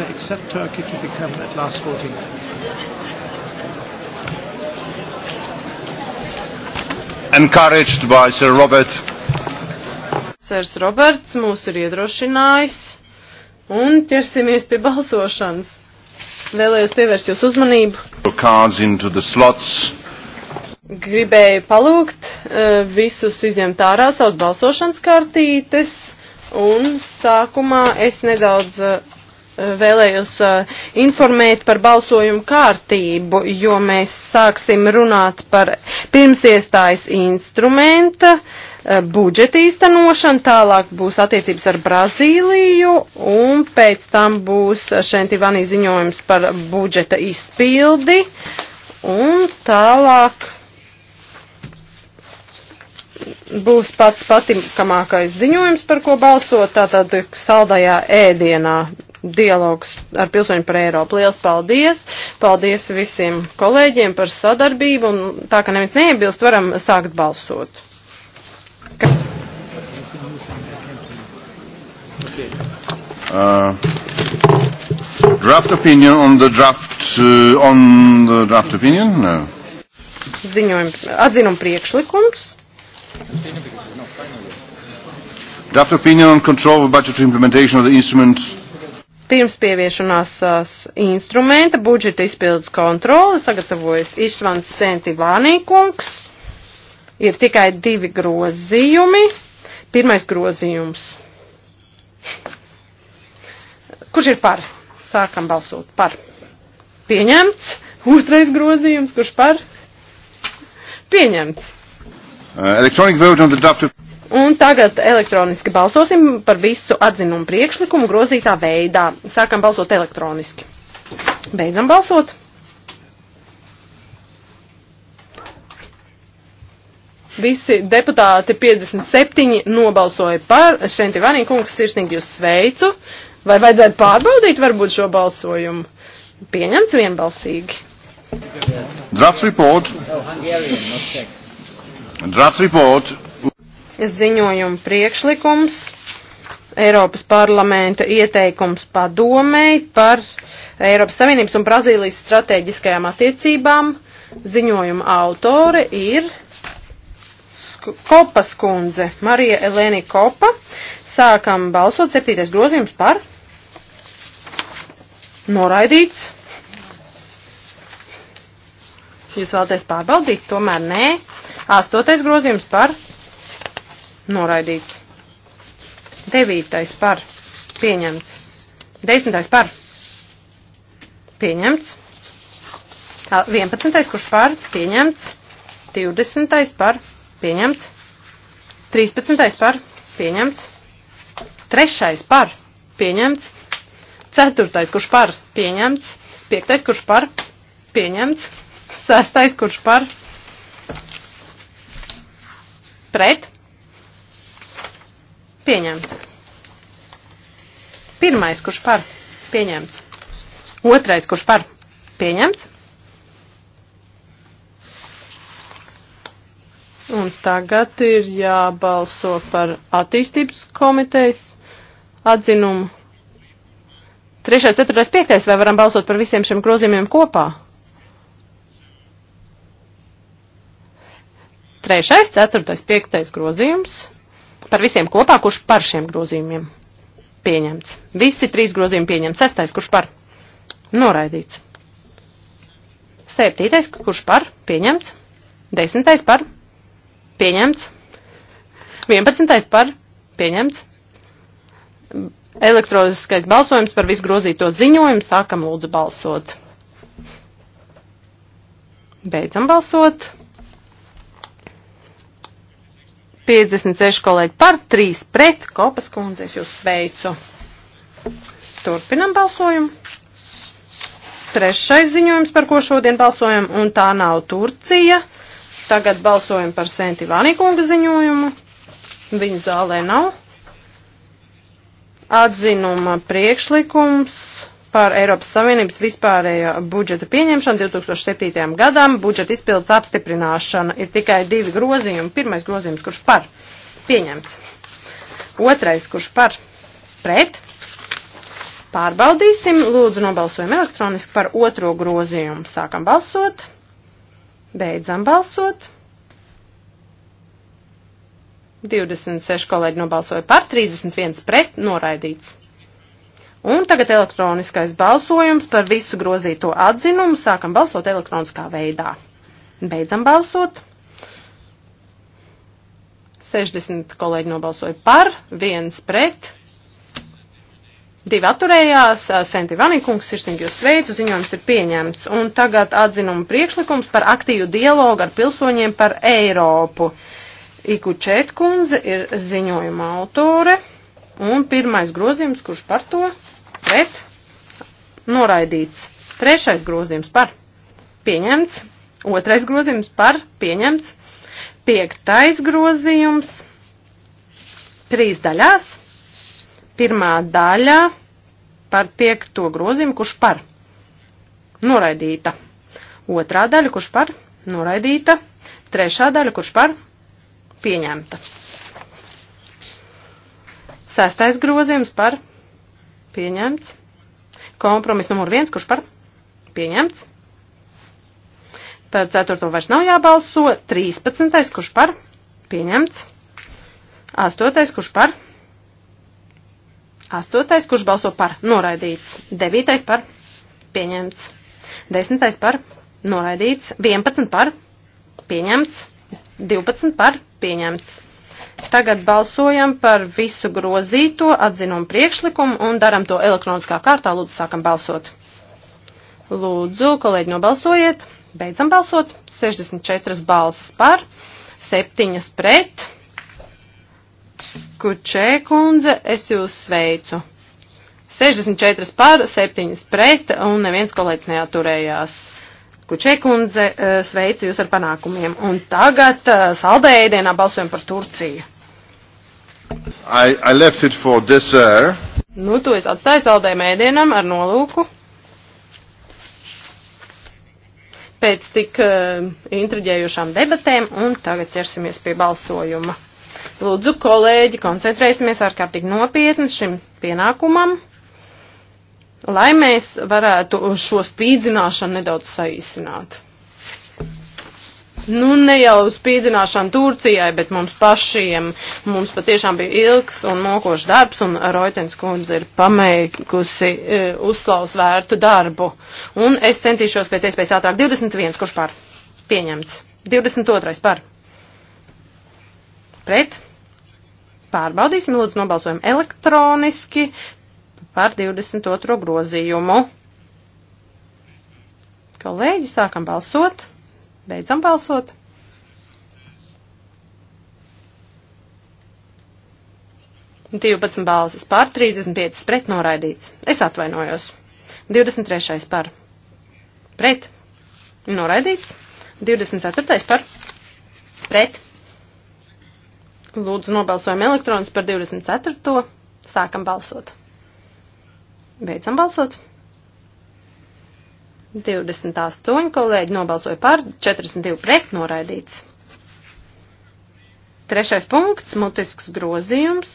order except Turkey to become at last voting. Encouraged by Sir Robert. Sērs Roberts mūs ir iedrošinājis un ķersimies pie balsošanas. Vēlējos pievērst jūsu uzmanību. Gribēju palūgt eh, visus izņemt ārā savas balsošanas kartītes. Un sākumā es nedaudz eh, vēlējos informēt par balsojumu kārtību, jo mēs sāksim runāt par pirmsiestājas instrumenta, budžeta īstenošanu, tālāk būs attiecības ar Brazīliju un pēc tam būs Šentivanī ziņojums par budžeta izpildi un tālāk būs pats patīkamākais ziņojums, par ko balsot, tātad saldajā ēdienā dialogs ar pilsoņu par Eiropu. Liels paldies! Paldies visiem kolēģiem par sadarbību un tā, ka neviens neiebilst, varam sākt balsot. Ka... Uh, draft opinion on the draft, uh, on the draft opinion? No. Ziņojums, atzinum priekšlikums. Draft opinion on control of budgetary implementation of the instruments Pirms pieviešanās instrumenta budžeta izpildus kontroli sagatavojas Išvans Sentivānīkungs. Ir tikai divi grozījumi. Pirmais grozījums. Kurš ir par? Sākam balsot par. Pieņemts. Otrais grozījums. Kurš par? Pieņemts. Uh, electronic vote on the adopted. Un tagad elektroniski balsosim par visu atzinumu priekšlikumu grozītā veidā. Sākam balsot elektroniski. Beidzam balsot. Visi deputāti 57 nobalsoja par. Šentivanī kungs sirsnīgi jūs sveicu. Vai vajadzētu pārbaudīt varbūt šo balsojumu? Pieņemts vienbalsīgi. Draft report. Draft report ziņojuma priekšlikums Eiropas parlamenta ieteikums padomēji par Eiropas Savienības un Brazīlijas strateģiskajām attiecībām. Ziņojuma autore ir Kopas kundze, Marija Elēni Kopa. Sākam balsot septītais grozījums par noraidīts. Jūs vēlaties pārbaudīt? Tomēr nē. Astotais grozījums par noraidīts noraidīts. Devītais par pieņemts. Desmitais par pieņemts. Vienpadsmitais, kurš par pieņemts. Divdesmitais par pieņemts. Trīspadsmitais par pieņemts. Trešais par pieņemts. Ceturtais, kurš par pieņemts. Piektais, kurš par pieņemts. Sestais, kurš par pret pieņemts. Pirmais, kurš par, pieņemts. Otrais, kurš par, pieņemts. Un tagad ir jābalso par attīstības komitejas atzinumu. 3, 4, 5, vai varam balsot par visiem šiem grozījumiem kopā? 3, 4, 5 grozījums. Par visiem kopā, kurš par šiem grozījumiem pieņemts. Visi trīs grozījumi pieņemts. Sestais, kurš par? Noraidīts. Septītais, kurš par? Pieņemts. Desmitais par? Pieņemts. Vienpadsmitais par? Pieņemts. Elektroniskais balsojums par visu grozīto ziņojumu. Sākam lūdzu balsot. Beidzam balsot. 56 kolēģi par, 3 pret, kopas kundze, es jūs sveicu. Turpinam balsojumu. Trešais ziņojums, par ko šodien balsojam, un tā nav Turcija. Tagad balsojam par Senti Vanikunga ziņojumu. Viņa zālē nav. Atzinuma priekšlikums par Eiropas Savienības vispārējo budžeta pieņemšanu 2007. gadam. Budžeta izpildes apstiprināšana ir tikai divi grozījumi. Pirmais grozījums, kurš par pieņemts. Otrais, kurš par pret. Pārbaudīsim, lūdzu nobalsojam elektroniski par otro grozījumu. Sākam balsot, beidzam balsot. 26 kolēģi nobalsoja par, 31 pret, noraidīts. Un tagad elektroniskais balsojums par visu grozīto atzinumu. Sākam balsot elektroniskā veidā. Beidzam balsot. 60 kolēģi nobalsoja par, viens pret, divi atturējās, Senti Vanikungs sirsnīgi jūs sveicu, ziņojums ir pieņemts. Un tagad atzinuma priekšlikums par aktīvu dialogu ar pilsoņiem par Eiropu. Iku Četkundze ir ziņojuma autore, un pirmais grozījums, kurš par to pret, noraidīts. Trešais grozījums par pieņemts, otrais grozījums par pieņemts, piektais grozījums trīs daļās, pirmā daļā par piekto grozījumu, kurš par noraidīta, otrā daļa, kurš par noraidīta, trešā daļa, kurš par pieņemta. Sestais grozījums par pieņemta Pieņemts. Kompromis numur viens, kurš par? Pieņemts. Par ceturto vairs nav jābalso. 13. kurš par? Pieņemts. 8. kurš par? Astotais, kurš balso par noraidīts. Devītais par pieņemts. Desmitais par noraidīts. Vienpadsmit par pieņemts. Divpadsmit par pieņemts. Tagad balsojam par visu grozīto atzinumu priekšlikumu un daram to elektroniskā kārtā. Lūdzu, sākam balsot. Lūdzu, kolēģi, nobalsojiet. Beidzam balsot. 64 balss par, 7 pret. Kučē kundze, es jūs sveicu. 64 par, 7 pret un neviens kolēģis neaturējās. Kučekundze, eh, sveicu jūs ar panākumiem. Un tagad eh, saldējdienā balsojam par Turciju. I, I left it for dessert. Nu, to es atstāju saldējumu ēdienam ar nolūku. Pēc tik uh, eh, intriģējušām debatēm un tagad ķersimies pie balsojuma. Lūdzu, kolēģi, koncentrēsimies ārkārtīgi nopietni šim pienākumam lai mēs varētu šo spīdzināšanu nedaudz saīsināt. Nu, ne jau spīdzināšanu Turcijai, bet mums pašiem, mums patiešām bija ilgs un mokošs darbs, un Roitens kundze ir pameikusi e, uzslavas vērtu darbu. Un es centīšos pēc iespējas ātrāk. 21, kurš par? Pieņemts. 22. par? Pret? Pārbaudīsim, lūdzu, nobalsojam elektroniski par 22. grozījumu. Kolēģi, sākam balsot, beidzam balsot. Un 12 balsis par, 35 pret noraidīts. Es atvainojos. 23. par. Pret. Noraidīts. 24. par. Pret. Lūdzu, nobalsojam elektronis par 24. Sākam balsot. Beidzam balsot. 28 kolēģi nobalsoja par, 42 pret noraidīts. Trešais punkts - mutisks grozījums.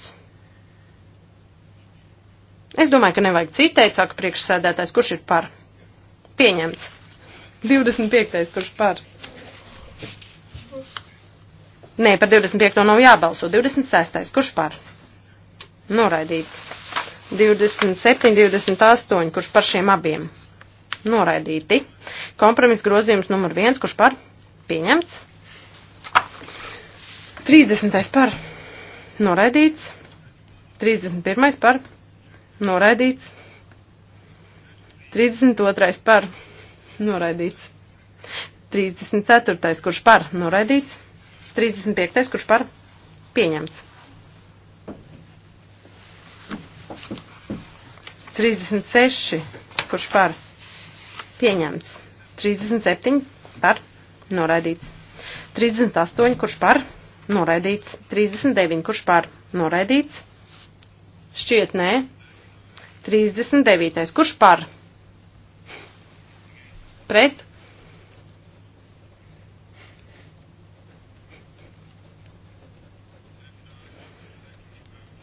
Es domāju, ka nevajag citēt, saka priekšsēdētājs, kurš ir par. Pieņemts. 25. kurš par. Nē, par 25. nav jābalso. 26. kurš par. Noraidīts. 27, 28, kurš par šiem abiem noraidīti. Kompromis grozījums numur 1, kurš par pieņemts. 30. par noraidīts. 31. par noraidīts. 32. par noraidīts. 34. kurš par noraidīts. 35. kurš par pieņemts. 36, kurš par pieņemts. 37 par noraidīts. 38, kurš par noraidīts. 39, kurš par noraidīts. Šķiet, nē. 39. Kurš par? Pret?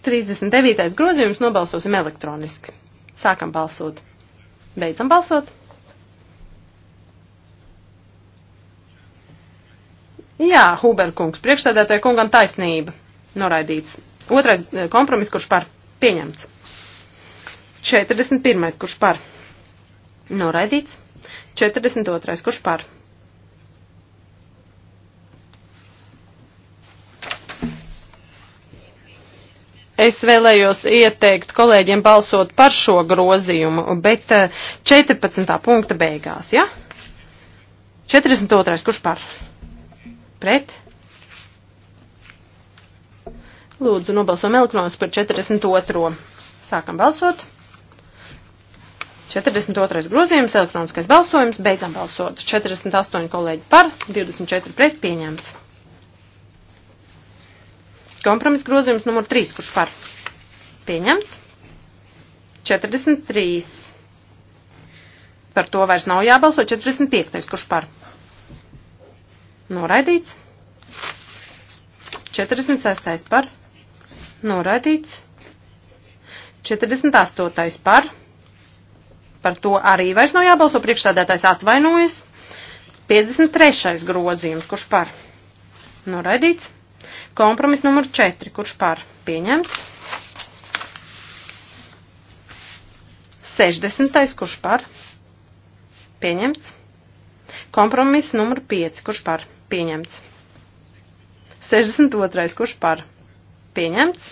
Trīsdesmit devītais grozījums nobalsosim elektroniski. Sākam balsot. Beidzam balsot. Jā, Huberkungs, priekšsēdētāja kungam taisnība. Noraidīts. Otrais eh, kompromis, kurš par pieņemts. 41. kurš par noraidīts. 42. kurš par Es vēlējos ieteikt kolēģiem balsot par šo grozījumu, bet 14. Eh, punkta beigās, ja? 42. kurš par? Pret? Lūdzu, nobalsojam elektroniski par 42. Sākam balsot. 42. grozījums, elektroniskais balsojums, beidzam balsot. 48 kolēģi par, 24 pret pieņemts. Kompromis grozījums numur 3, kurš par? Pieņemts. 43. Par to vairs nav jābalso. 45. Kurš par? Noraidīts. 46. par? Noraidīts. 48. par? Par to arī vairs nav jābalso. Priekšstādētājs atvainojas. 53. grozījums. Kurš par? Noraidīts. Kompromis numur 4, kurš par pieņemts. 60. kurš par pieņemts. Kompromis numur 5, kurš par pieņemts. 62. kurš par pieņemts.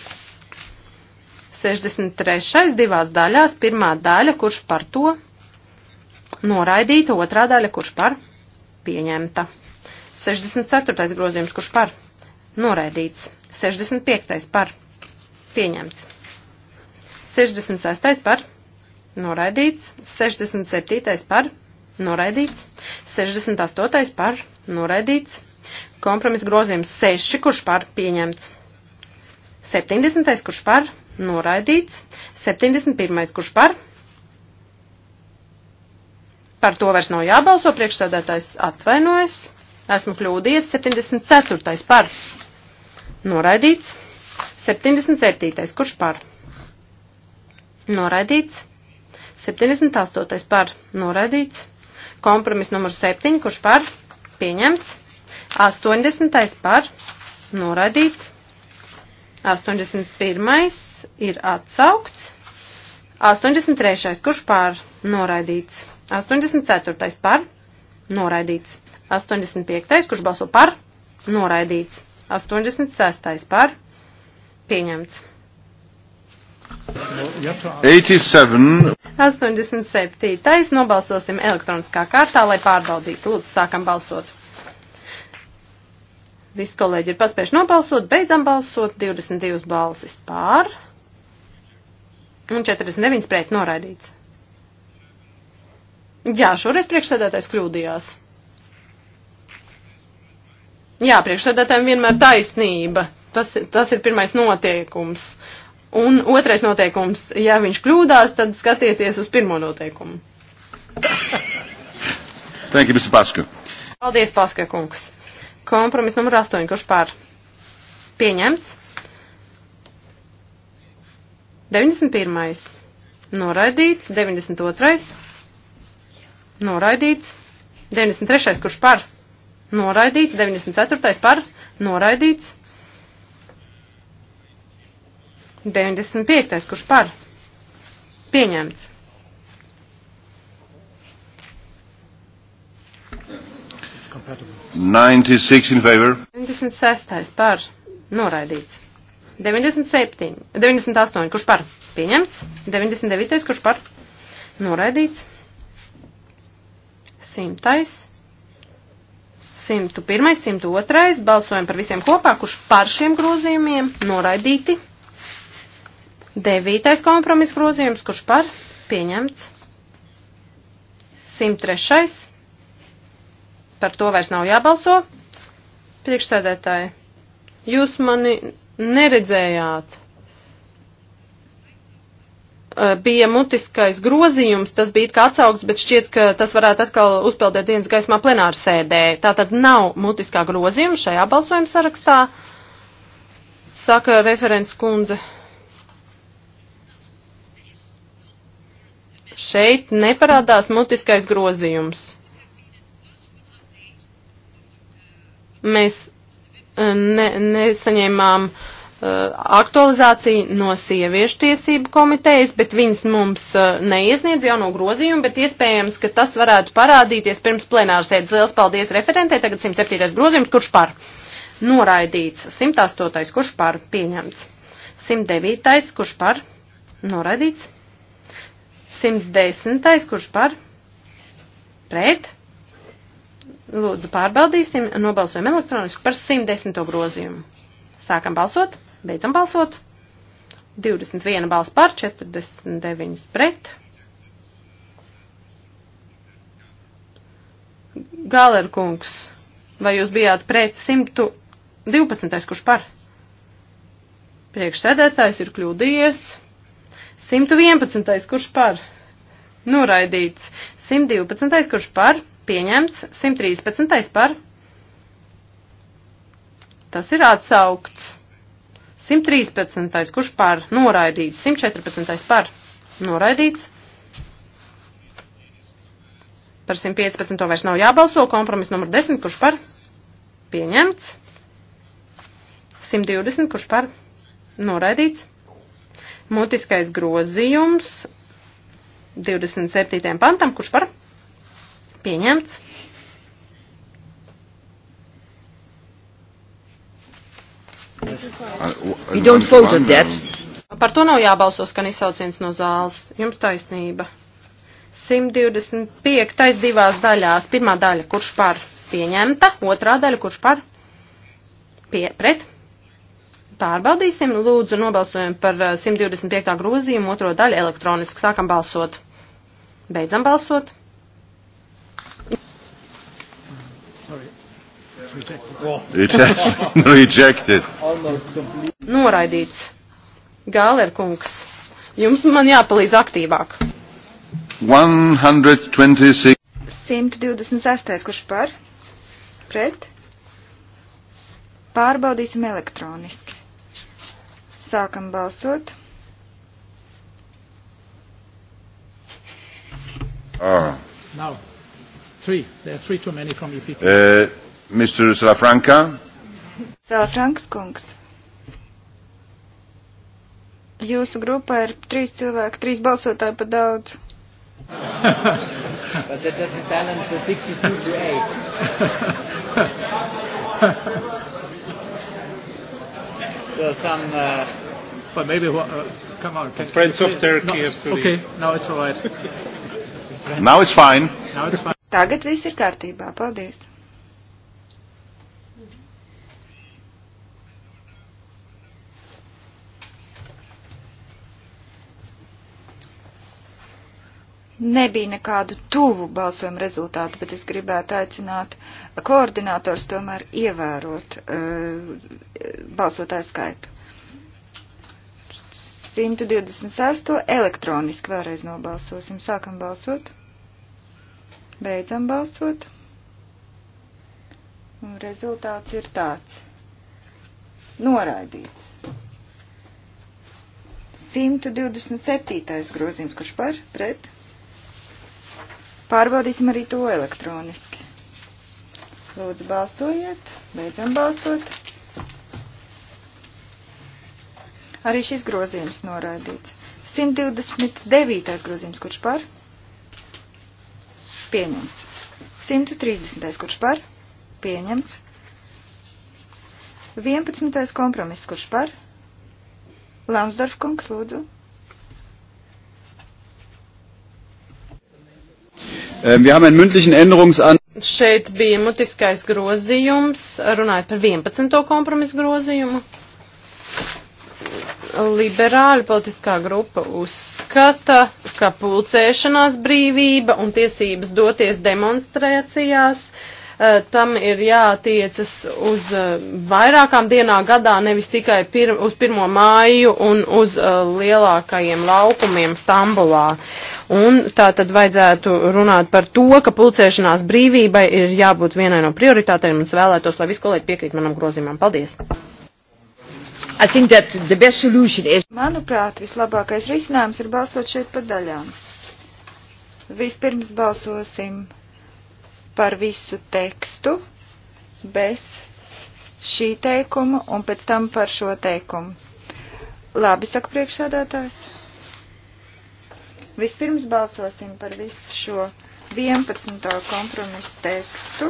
63. divās daļās, pirmā daļa, kurš par to noraidīta, otrā daļa, kurš par pieņemta. 64. grozījums, kurš par noraidīts. 65. par pieņemts. 66. par noraidīts. 67. par noraidīts. 68. par noraidīts. Kompromis grozījums 6, kurš par pieņemts. 70. kurš par noraidīts. 71. kurš par Par to vairs nav jābalso, priekšsēdētājs atvainojas. Esmu kļūdījies 74. par Noraidīts. 77. Kurš par? Noraidīts. 78. par? Noraidīts. Kompromis numur 7. Kurš par? Pieņemts. 80. par? Noraidīts. 81. ir atsaukts. 83. kurš par? Noraidīts. 84. par? Noraidīts. 85. kurš balso par? Noraidīts. 86. par pieņemts. 87. 87. Tais nobalsosim elektroniskā kārtā, lai pārbaudītu. Lūdzu, sākam balsot. Visi kolēģi ir paspējuši nobalsot, beidzam balsot, 22 balsis pār un 49 pret noraidīts. Jā, šoreiz priekšsēdētājs kļūdījās. Jā, priekšsēdētājiem vienmēr taisnība. Tas, tas ir pirmais noteikums. Un otrais noteikums, ja viņš kļūdās, tad skatieties uz pirmo noteikumu. Thank you, Mr. Paska. Paldies, Paska kungs. Kompromis numur 8, kurš pār? Pieņemts. 91. Noraidīts. 92. Noraidīts. 93. kurš pār? noraidīts, 94. par noraidīts, 95. kurš par pieņemts. Favor. 96. par noraidīts. 97. 98. kurš par pieņemts. 99. kurš par noraidīts. 100. 101, 102, balsojam par visiem kopā, kurš par šiem grozījumiem noraidīti. 9. kompromis grozījums, kurš par pieņemts. 103. Par to vairs nav jābalso. Priekšstādētāji, jūs mani neredzējāt. Eh, bija mutiskais grozījums, tas bija kā atsaugts, bet šķiet, ka tas varētu atkal uzpeldēt dienas gaismā plenāru sēdē. Tātad nav mutiskā grozījuma šajā balsojuma sarakstā, saka referents kundze. Šeit neparādās mutiskais grozījums. Mēs eh, ne, nesaņēmām uh, Eh, aktualizāciju no sieviešu tiesību komitejas, bet viņas mums eh, neiesniedz jauno grozījumu, bet iespējams, ka tas varētu parādīties pirms plenāras sēdes. Liels paldies referentē, tagad 107. grozījums, kurš par? Noraidīts. 108. kurš par? Pieņemts. 109. kurš par? Noraidīts. 110. kurš par? Pret. Lūdzu, pārbaudīsim, nobalsojam elektroniski par 110. grozījumu. Sākam balsot. Beidzam balsot. 21 balss par, 49 pret. Galerkungs, vai jūs bijāt pret 112, kurš par? Priekšsēdētājs ir kļūdījies. 111, kurš par? Noraidīts. 112, kurš par? Pieņemts. 113 par. Tas ir atsaukts. 113. kurš par noraidīts, 114. par noraidīts. Par 115. vairs nav jābalso, kompromis numur 10, kurš par pieņemts. 120, kurš par noraidīts. Mutiskais grozījums 27. pantam, kurš par pieņemts. We don't vote on that. Par to nav jābalso skan izsauciens no zāles. Jums taisnība. 125. Tais divās daļās. Pirmā daļa, kurš par pieņemta, otrā daļa, kurš par pie, pret. Pārbaudīsim, lūdzu, nobalsojam par 125. Uh, grozījumu, otro daļu elektroniski. Sākam balsot. Beidzam balsot. It's rejected. It's nu, rejected. Noraidīts. Gāler kungs, jums man jāpalīdz aktīvāk. 126. 126. Kurš par? Pret? Pārbaudīsim elektroniski. Sākam balsot. Ah. Now, three. There are three too many from EPP. Uh, Mr. Salafranca. Salafranks kungs. Jūsu grupā ir trīs cilvēki, trīs balsotāji pa daudz. But that doesn't balance the 62 to 8. so some... Uh, but maybe... Uh, come on. Can, friends can of Turkey. No, have to okay, leave. now it's all right. now it's fine. Now it's fine. Tagad viss ir kārtībā. Paldies. nebija nekādu tuvu balsojumu rezultātu, bet es gribētu aicināt koordinators tomēr ievērot uh, balsotāju skaitu. 126. elektroniski vēlreiz nobalsosim. Sākam balsot. Beidzam balsot. Un rezultāts ir tāds. Noraidīts. 127. grozījums, kurš par, pret, Pārbaudīsim arī to elektroniski. Lūdzu, balsojiet, beidzam balsot. Arī šis grozījums noraidīts. 129. grozījums, kurš par? Pieņemts. 130. kurš par? Pieņemts. 11. kompromiss, kurš par? Lamsdorf kungs, lūdzu. Wir haben einen mündlichen Änderungsantrag. Šeit bija mutiskais grozījums, runājot par 11. kompromisu grozījumu. Liberāļu politiskā grupa uzskata, ka pulcēšanās brīvība un tiesības doties demonstrācijās uh, Eh, tam ir jātiecas uz eh, vairākām dienām gadā, nevis tikai pir uz 1. māju un uz eh, lielākajiem laukumiem Stambulā. Un tā tad vajadzētu runāt par to, ka pulcēšanās brīvībai ir jābūt vienai no prioritātēm un es vēlētos, lai visi kolēģi piekrīt manam grozījumam. Paldies! Is... Manuprāt, vislabākais risinājums ir balsot šeit pa daļām. Vispirms balsosim par visu tekstu bez šī teikuma un pēc tam par šo teikumu. Labi, saka priekšsēdētājs. Vispirms balsosim par visu šo 11. kompromisu tekstu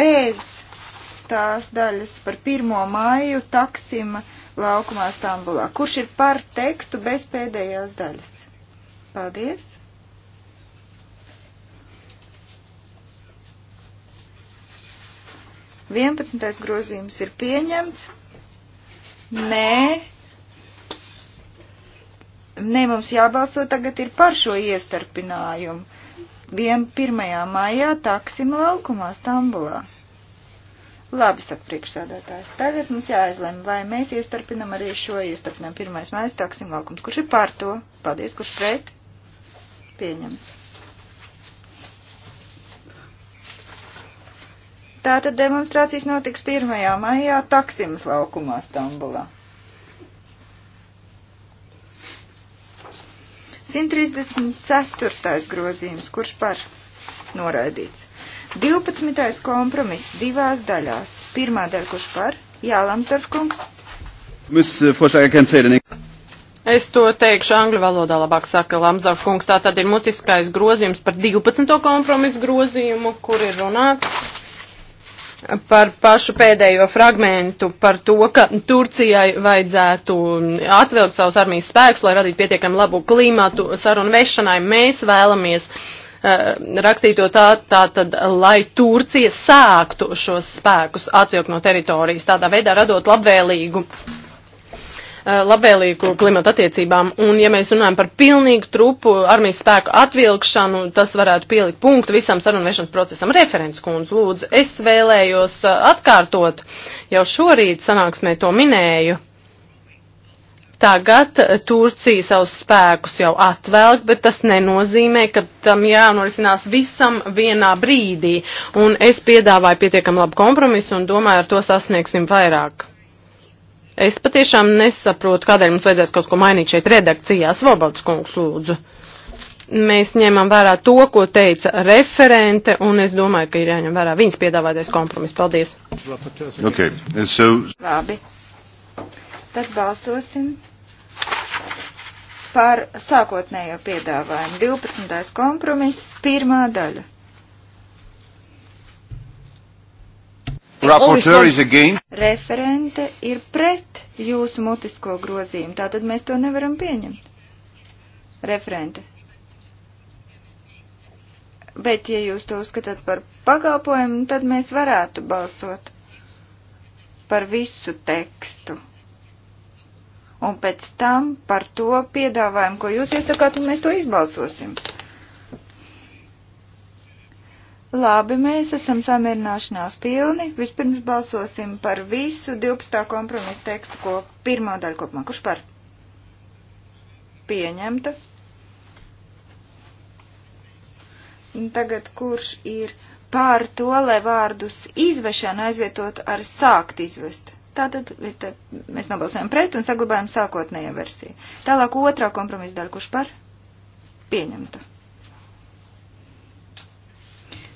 bez tās daļas par 1. māju taksima laukumā Stambulā. Kurš ir par tekstu bez pēdējās daļas? Paldies! 11. grozījums ir pieņemts. Nē. Nē, mums jābalso tagad ir par šo iestarpinājumu. 1. maijā taksim laukumā Stambulā. Labi, saka priekšsādātājs. Tagad mums jāizlem, vai mēs iestarpinam arī šo iestarpinājumu. 1. maijā taksim laukums. Kurš ir par to? Paldies, kurš pret? Pieņemts. Tātad demonstrācijas notiks 1. maijā Taksimas laukumā Stambulā. 134. grozījums, kurš par noraidīts. 12. kompromiss divās daļās. Pirmā daļa, kurš par? Jā, Lamsdorf kungs. Eh, es to teikšu angļu valodā labāk saka Lamsdorf kungs. Tā tad ir mutiskais grozījums par 12. kompromisu grozījumu, kur ir runāts par pašu pēdējo fragmentu, par to, ka Turcijai vajadzētu atvilkt savus armijas spēkus, lai radītu pietiekami labu klimatu sarunu vešanai. Mēs vēlamies uh, rakstīt to tā, tā tad, lai Turcija sāktu šos spēkus atvilkt no teritorijas, tādā veidā radot labvēlīgu uh, Eh, labēlīgu klimatu attiecībām. Un, ja mēs runājam par pilnīgu trupu armijas spēku atvilkšanu, tas varētu pielikt punktu visam sarunvešanas procesam. Referents kundze, lūdzu, es vēlējos eh, atkārtot, jau šorīt sanāksmē to minēju. Tagad eh, Turcija savus spēkus jau atvelk, bet tas nenozīmē, ka tam jānorisinās visam vienā brīdī. Un es piedāvāju pietiekam labu kompromisu un domāju, ar to sasniegsim vairāk. Es patiešām nesaprotu, kādēļ mums vajadzētu kaut ko mainīt šeit redakcijā. Svobalds kungs lūdzu. Mēs ņemam vērā to, ko teica referente, un es domāju, ka ir jāņem vērā viņas piedāvātais kompromiss. Paldies. Okay. So... Labi. Tad balsosim par sākotnējo piedāvājumu. 12. kompromiss, pirmā daļa. referente ir pret jūsu mutisko grozījumu, tātad mēs to nevaram pieņemt. Referente. Bet, ja jūs to uzskatāt par pakalpojumu, tad mēs varētu balsot par visu tekstu. Un pēc tam par to piedāvājumu, ko jūs iesakāt, un mēs to izbalsosim. Labi, mēs esam samierināšanās pilni. Vispirms balsosim par visu 12. kompromisu tekstu, ko pirmā daļa kopumā. Kurš par? Pieņemta. Tagad kurš ir pār to, lai vārdus izvešana aizvietotu ar sākt izvest? Tātad te, mēs nobalsojam pret un saglabājam sākotnējo versiju. Tālāk otrā kompromisa daļa, kurš par? Pieņemta.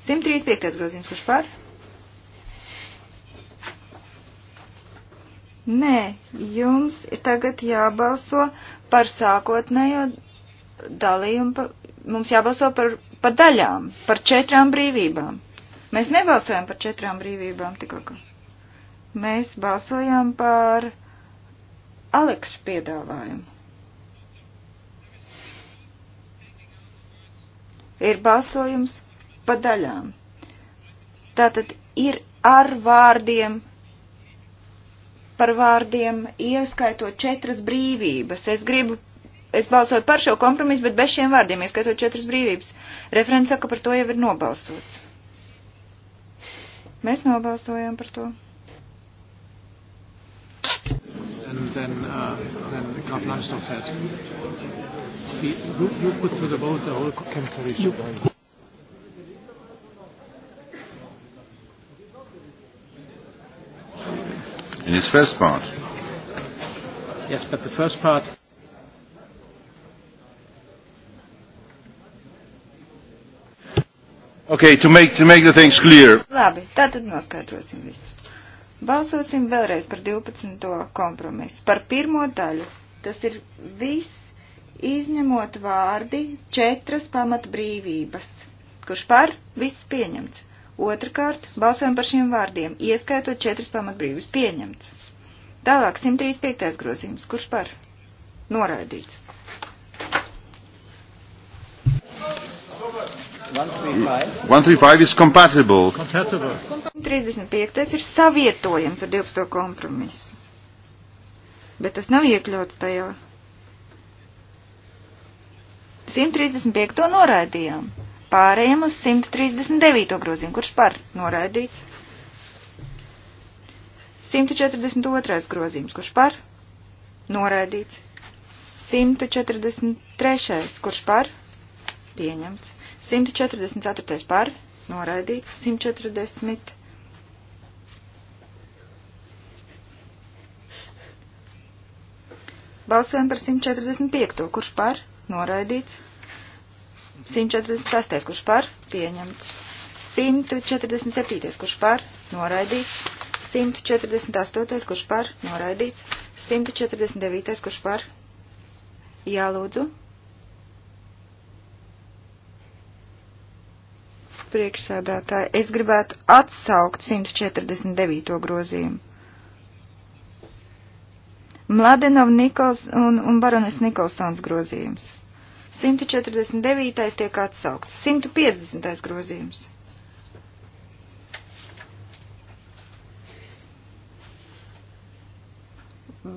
135. grozījums, kurš par? Nē, jums ir tagad jābalso par sākotnējo dalījumu, pa, mums jābalso par, par daļām, par četrām brīvībām. Mēs nebalsojam par četrām brīvībām tikko. Mēs balsojam par Aleksu piedāvājumu. Ir balsojums pa daļām. Tātad ir ar vārdiem, par vārdiem ieskaitot četras brīvības. Es gribu, es balsoju par šo kompromisu, bet bez šiem vārdiem ieskaitot četras brīvības. Referents saka, par to jau ir nobalsots. Mēs nobalsojām par to. And then, uh, then Graf Lambsdorff said, you, you put to the vote the whole compilation. in its first part. Yes, but the first part Okay, to make, to make the things clear. Labi, tātad noskaidrosim visu. Balsosim vēlreiz par 12. kompromisu. Par pirmo daļu. Tas ir viss, izņemot vārdi četras pamat brīvības. Kurš par? Viss pieņemts. Otrakārt, balsojam par šiem vārdiem, ieskaitot četras pamatbrīvības pieņemts. Tālāk 135. grozījums, kurš par? Noraidīts. 135. 135 is compatible. compatible. 35. ir savietojams ar 12. kompromisu. Bet tas nav iekļauts tajā. 135. to noraidījām. Pārējiem uz 139. grozījumu, kurš par noraidīts. 142. grozījums, kurš par noraidīts. 143. kurš par pieņemts. 144. par noraidīts. 140. Balsojam par 145. kurš par noraidīts. 146. kurš par pieņemts. 147. kurš par noraidīts. 148. kurš par noraidīts. 149. kurš par jālūdzu. Priekšsēdētāji, es gribētu atsaukt 149. grozījumu. Mladenov Nikols un, un Baronis Nikolsons grozījums. 149. tiek atsaukts. 150. grozījums.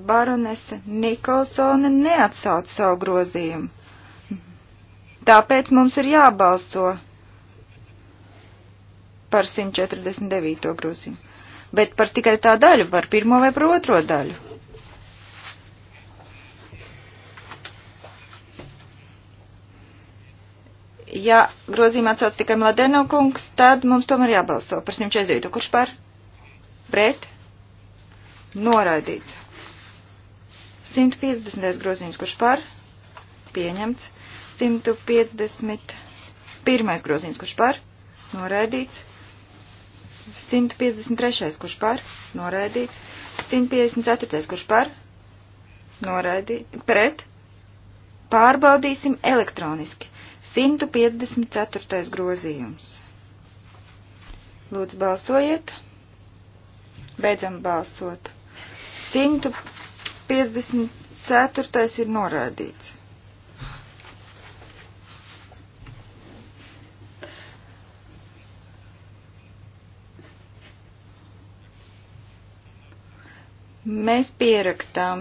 Baronese Nikolsone neatsauc savu grozījumu. Tāpēc mums ir jābalso par 149. grozījumu. Bet par tikai tā daļu, par pirmo vai par otro daļu. ja grozījumā atsauc tikai Mladeno kungs, tad mums tomēr jābalso par 149. Kurš par? Pret? Noraidīts. 150. grozījums. Kurš par? Pieņemts. 151. grozījums. Kurš par? Noraidīts. 153. kurš par? Noraidīts. 154. kurš par? Noraidīts. Pret? Pārbaudīsim elektroniski. 154. grozījums. Lūdzu, balsojiet. Beidzam balsot. 154. ir norādīts. Mēs pierakstām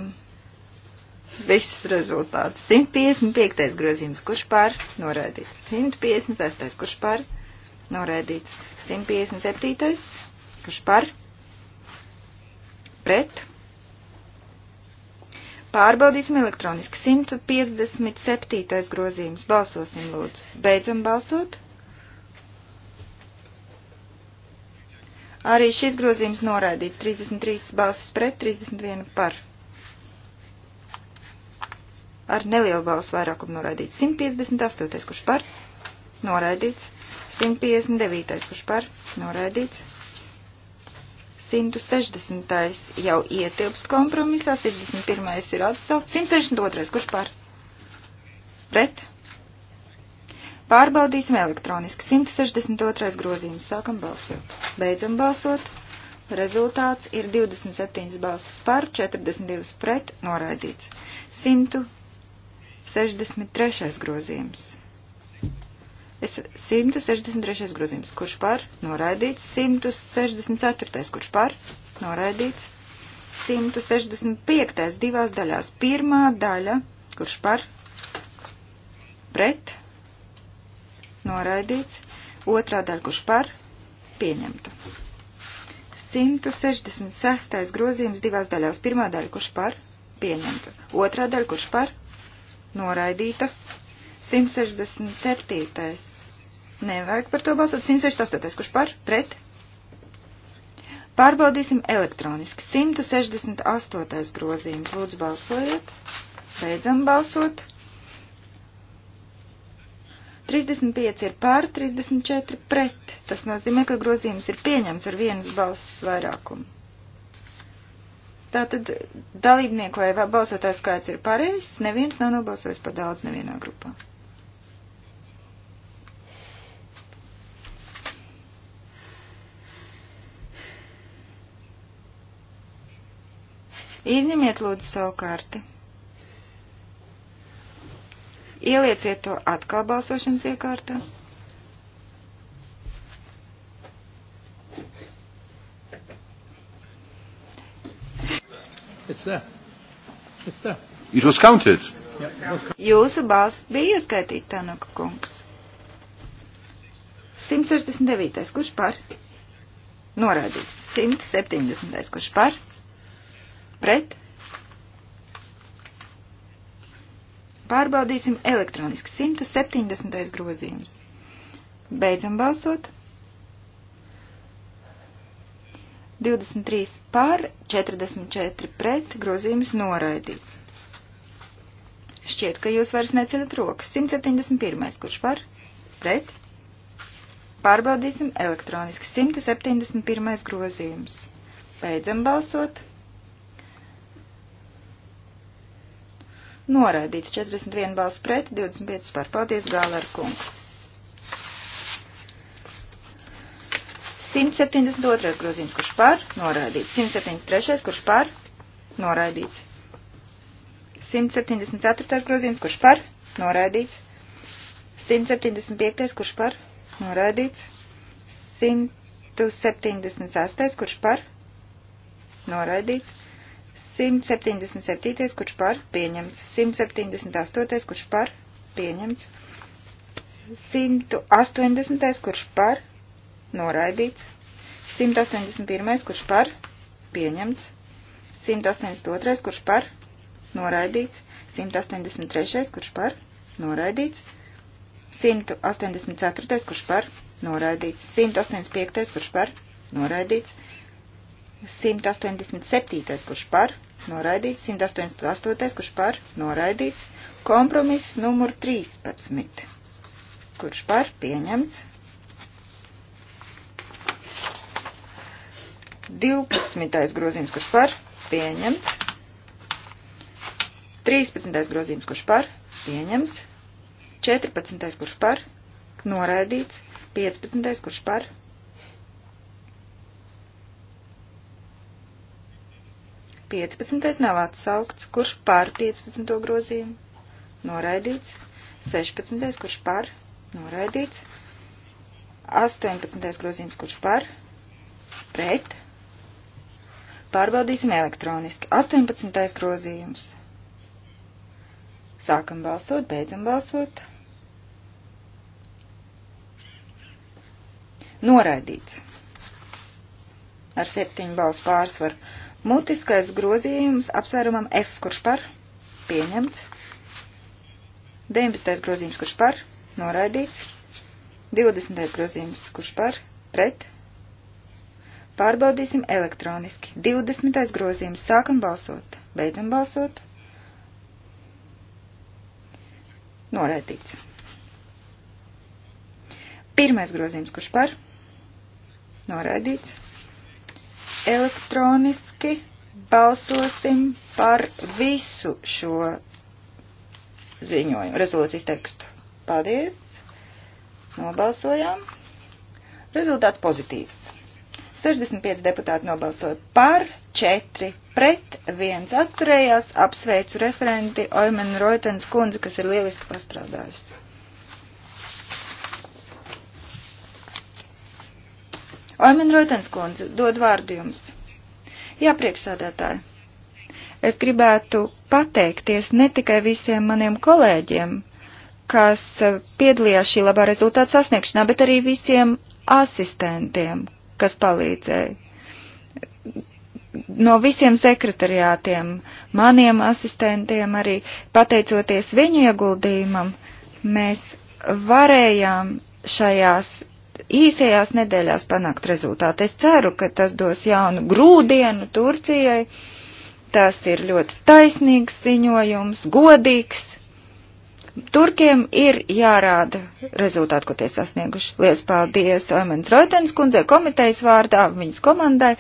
viss rezultāts. 155. grozījums, kurš pār noraidīts. 156. kurš pār noraidīts. 157. kurš pār pret. Pārbaudīsim elektroniski. 157. grozījums. Balsosim lūdzu. Beidzam balsot. Arī šis grozījums noraidīts. 33 balsis pret, 31 par ar nelielu balsu vairākumu noraidīts 158, kurš par, noraidīts 159, kurš par, noraidīts 160. jau ietilpst kompromisā, 61. ir atsaukt, 162. kurš par, pret. Pārbaudīsim elektroniski. 162. grozījums. Sākam balsot. Beidzam balsot. Rezultāts ir 27 balsis par, 42 pret, noraidīts. 100. 63. grozījums. Es 163. grozījums, kurš par noraidīts, 164. kurš par noraidīts, 165. divās daļās. Pirmā daļa, kurš par pret noraidīts, otrā daļa, kurš par pieņemta. 166. grozījums divās daļās. Pirmā daļa, kurš par pieņemta, otrā daļa, kurš par pieņemta noraidīta. 167. Nevajag par to balsot. 168. Kurš par? Pret? Pārbaudīsim elektroniski. 168. grozījums. Lūdzu, balsojiet. Beidzam balsot. 35 ir pār, 34 pret. Tas nozīmē, ka grozījums ir pieņemts ar vienas balss vairākumu. Tātad dalībnieku vai balsotāju skaits ir pareizs, neviens nav nobalsojis par daudz nevienā grupā. Izņemiet lūdzu savu karti. Ielieciet to atkal balsošanas iekārtā. It's there. It's there. It was counted. Yeah, it was... Jūsu balss bija ieskaitīta, Tanaka kungs. 169. kurš par? Norādīts. 170. kurš par? Pret? Pārbaudīsim elektroniski 170. grozījums. Beidzam balsot. 23 par, 44 pret, grozījums noraidīts. Šķiet, ka jūs vairs neceļat rokas. 171. Kurš par? Pret? Pārbaudīsim elektroniski. 171. grozījums. Beidzam balsot. Noraidīts 41 balss pret, 25 par. Paldies, Gālēr kungs. 172. grozījums, kurš par, noraidīts. 173. kurš par, noraidīts. 174. grozījums, kurš par, noraidīts. 175. kurš par, noraidīts. 178. kurš par, noraidīts. 177. kurš par, pieņemts. 178. kurš par, pieņemts. 180. kurš par, noraidīts. 181. kurš par, pieņemts. 182. kurš par, noraidīts. 183. kurš par, noraidīts. 184. kurš par, noraidīts. 185. kurš par, noraidīts. 187. kurš par, noraidīts. 188. kurš par, noraidīts. Kompromiss numur 13. Kurš par, pieņemts. 12. grozījums, kurš par, pieņemts. 13. grozījums, kurš par, pieņemts. 14. kurš par, noraidīts. 15. kurš par. Piecpadsmitais nav atsaukts, kurš pār 15. grozījumu, noraidīts, 16. kurš pār, noraidīts, 18. grozījums, kurš pār, pret, Pārbaudīsim elektroniski. 18. grozījums. Sākam balsot, beidzam balsot. Noraidīts. Ar septiņu balsu pārsvaru. Mutiskais grozījums apsvērumam F, kurš par? Pieņemts. 19. grozījums, kurš par? Noraidīts. 20. grozījums, kurš par? Pret? Pārbaudīsim elektroniski. 20. grozījums. Sākam balsot. Beidzam balsot. Norētīts. Pirmais grozījums, kurš par? Noraidīts. Elektroniski balsosim par visu šo ziņojumu, rezolūcijas tekstu. Paldies! Nobalsojām. Rezultāts pozitīvs. 65 deputāti nobalsoja par, 4 pret, 1 atturējās. Apsveicu referenti Oimenu Roitens kundzi, kas ir lieliski pastrādājusi. Oimen Roitens kundze, dod vārdu jums. Jā, priekšsādātāji. Es gribētu pateikties ne tikai visiem maniem kolēģiem, kas piedalījās šī labā rezultāta sasniegšanā, bet arī visiem asistentiem, kas palīdzēja. No visiem sekretariātiem, maniem asistentiem arī pateicoties viņu ieguldījumam, mēs varējām šajās īsajās nedēļās panākt rezultātu. Es ceru, ka tas dos jaunu grūdienu Turcijai. Tas ir ļoti taisnīgs ziņojums, godīgs Turkiem ir jārāda rezultāti, ko tie sasnieguši. Lielas paldies Oimens Roitens kundzei komitejas vārdā, viņas komandai.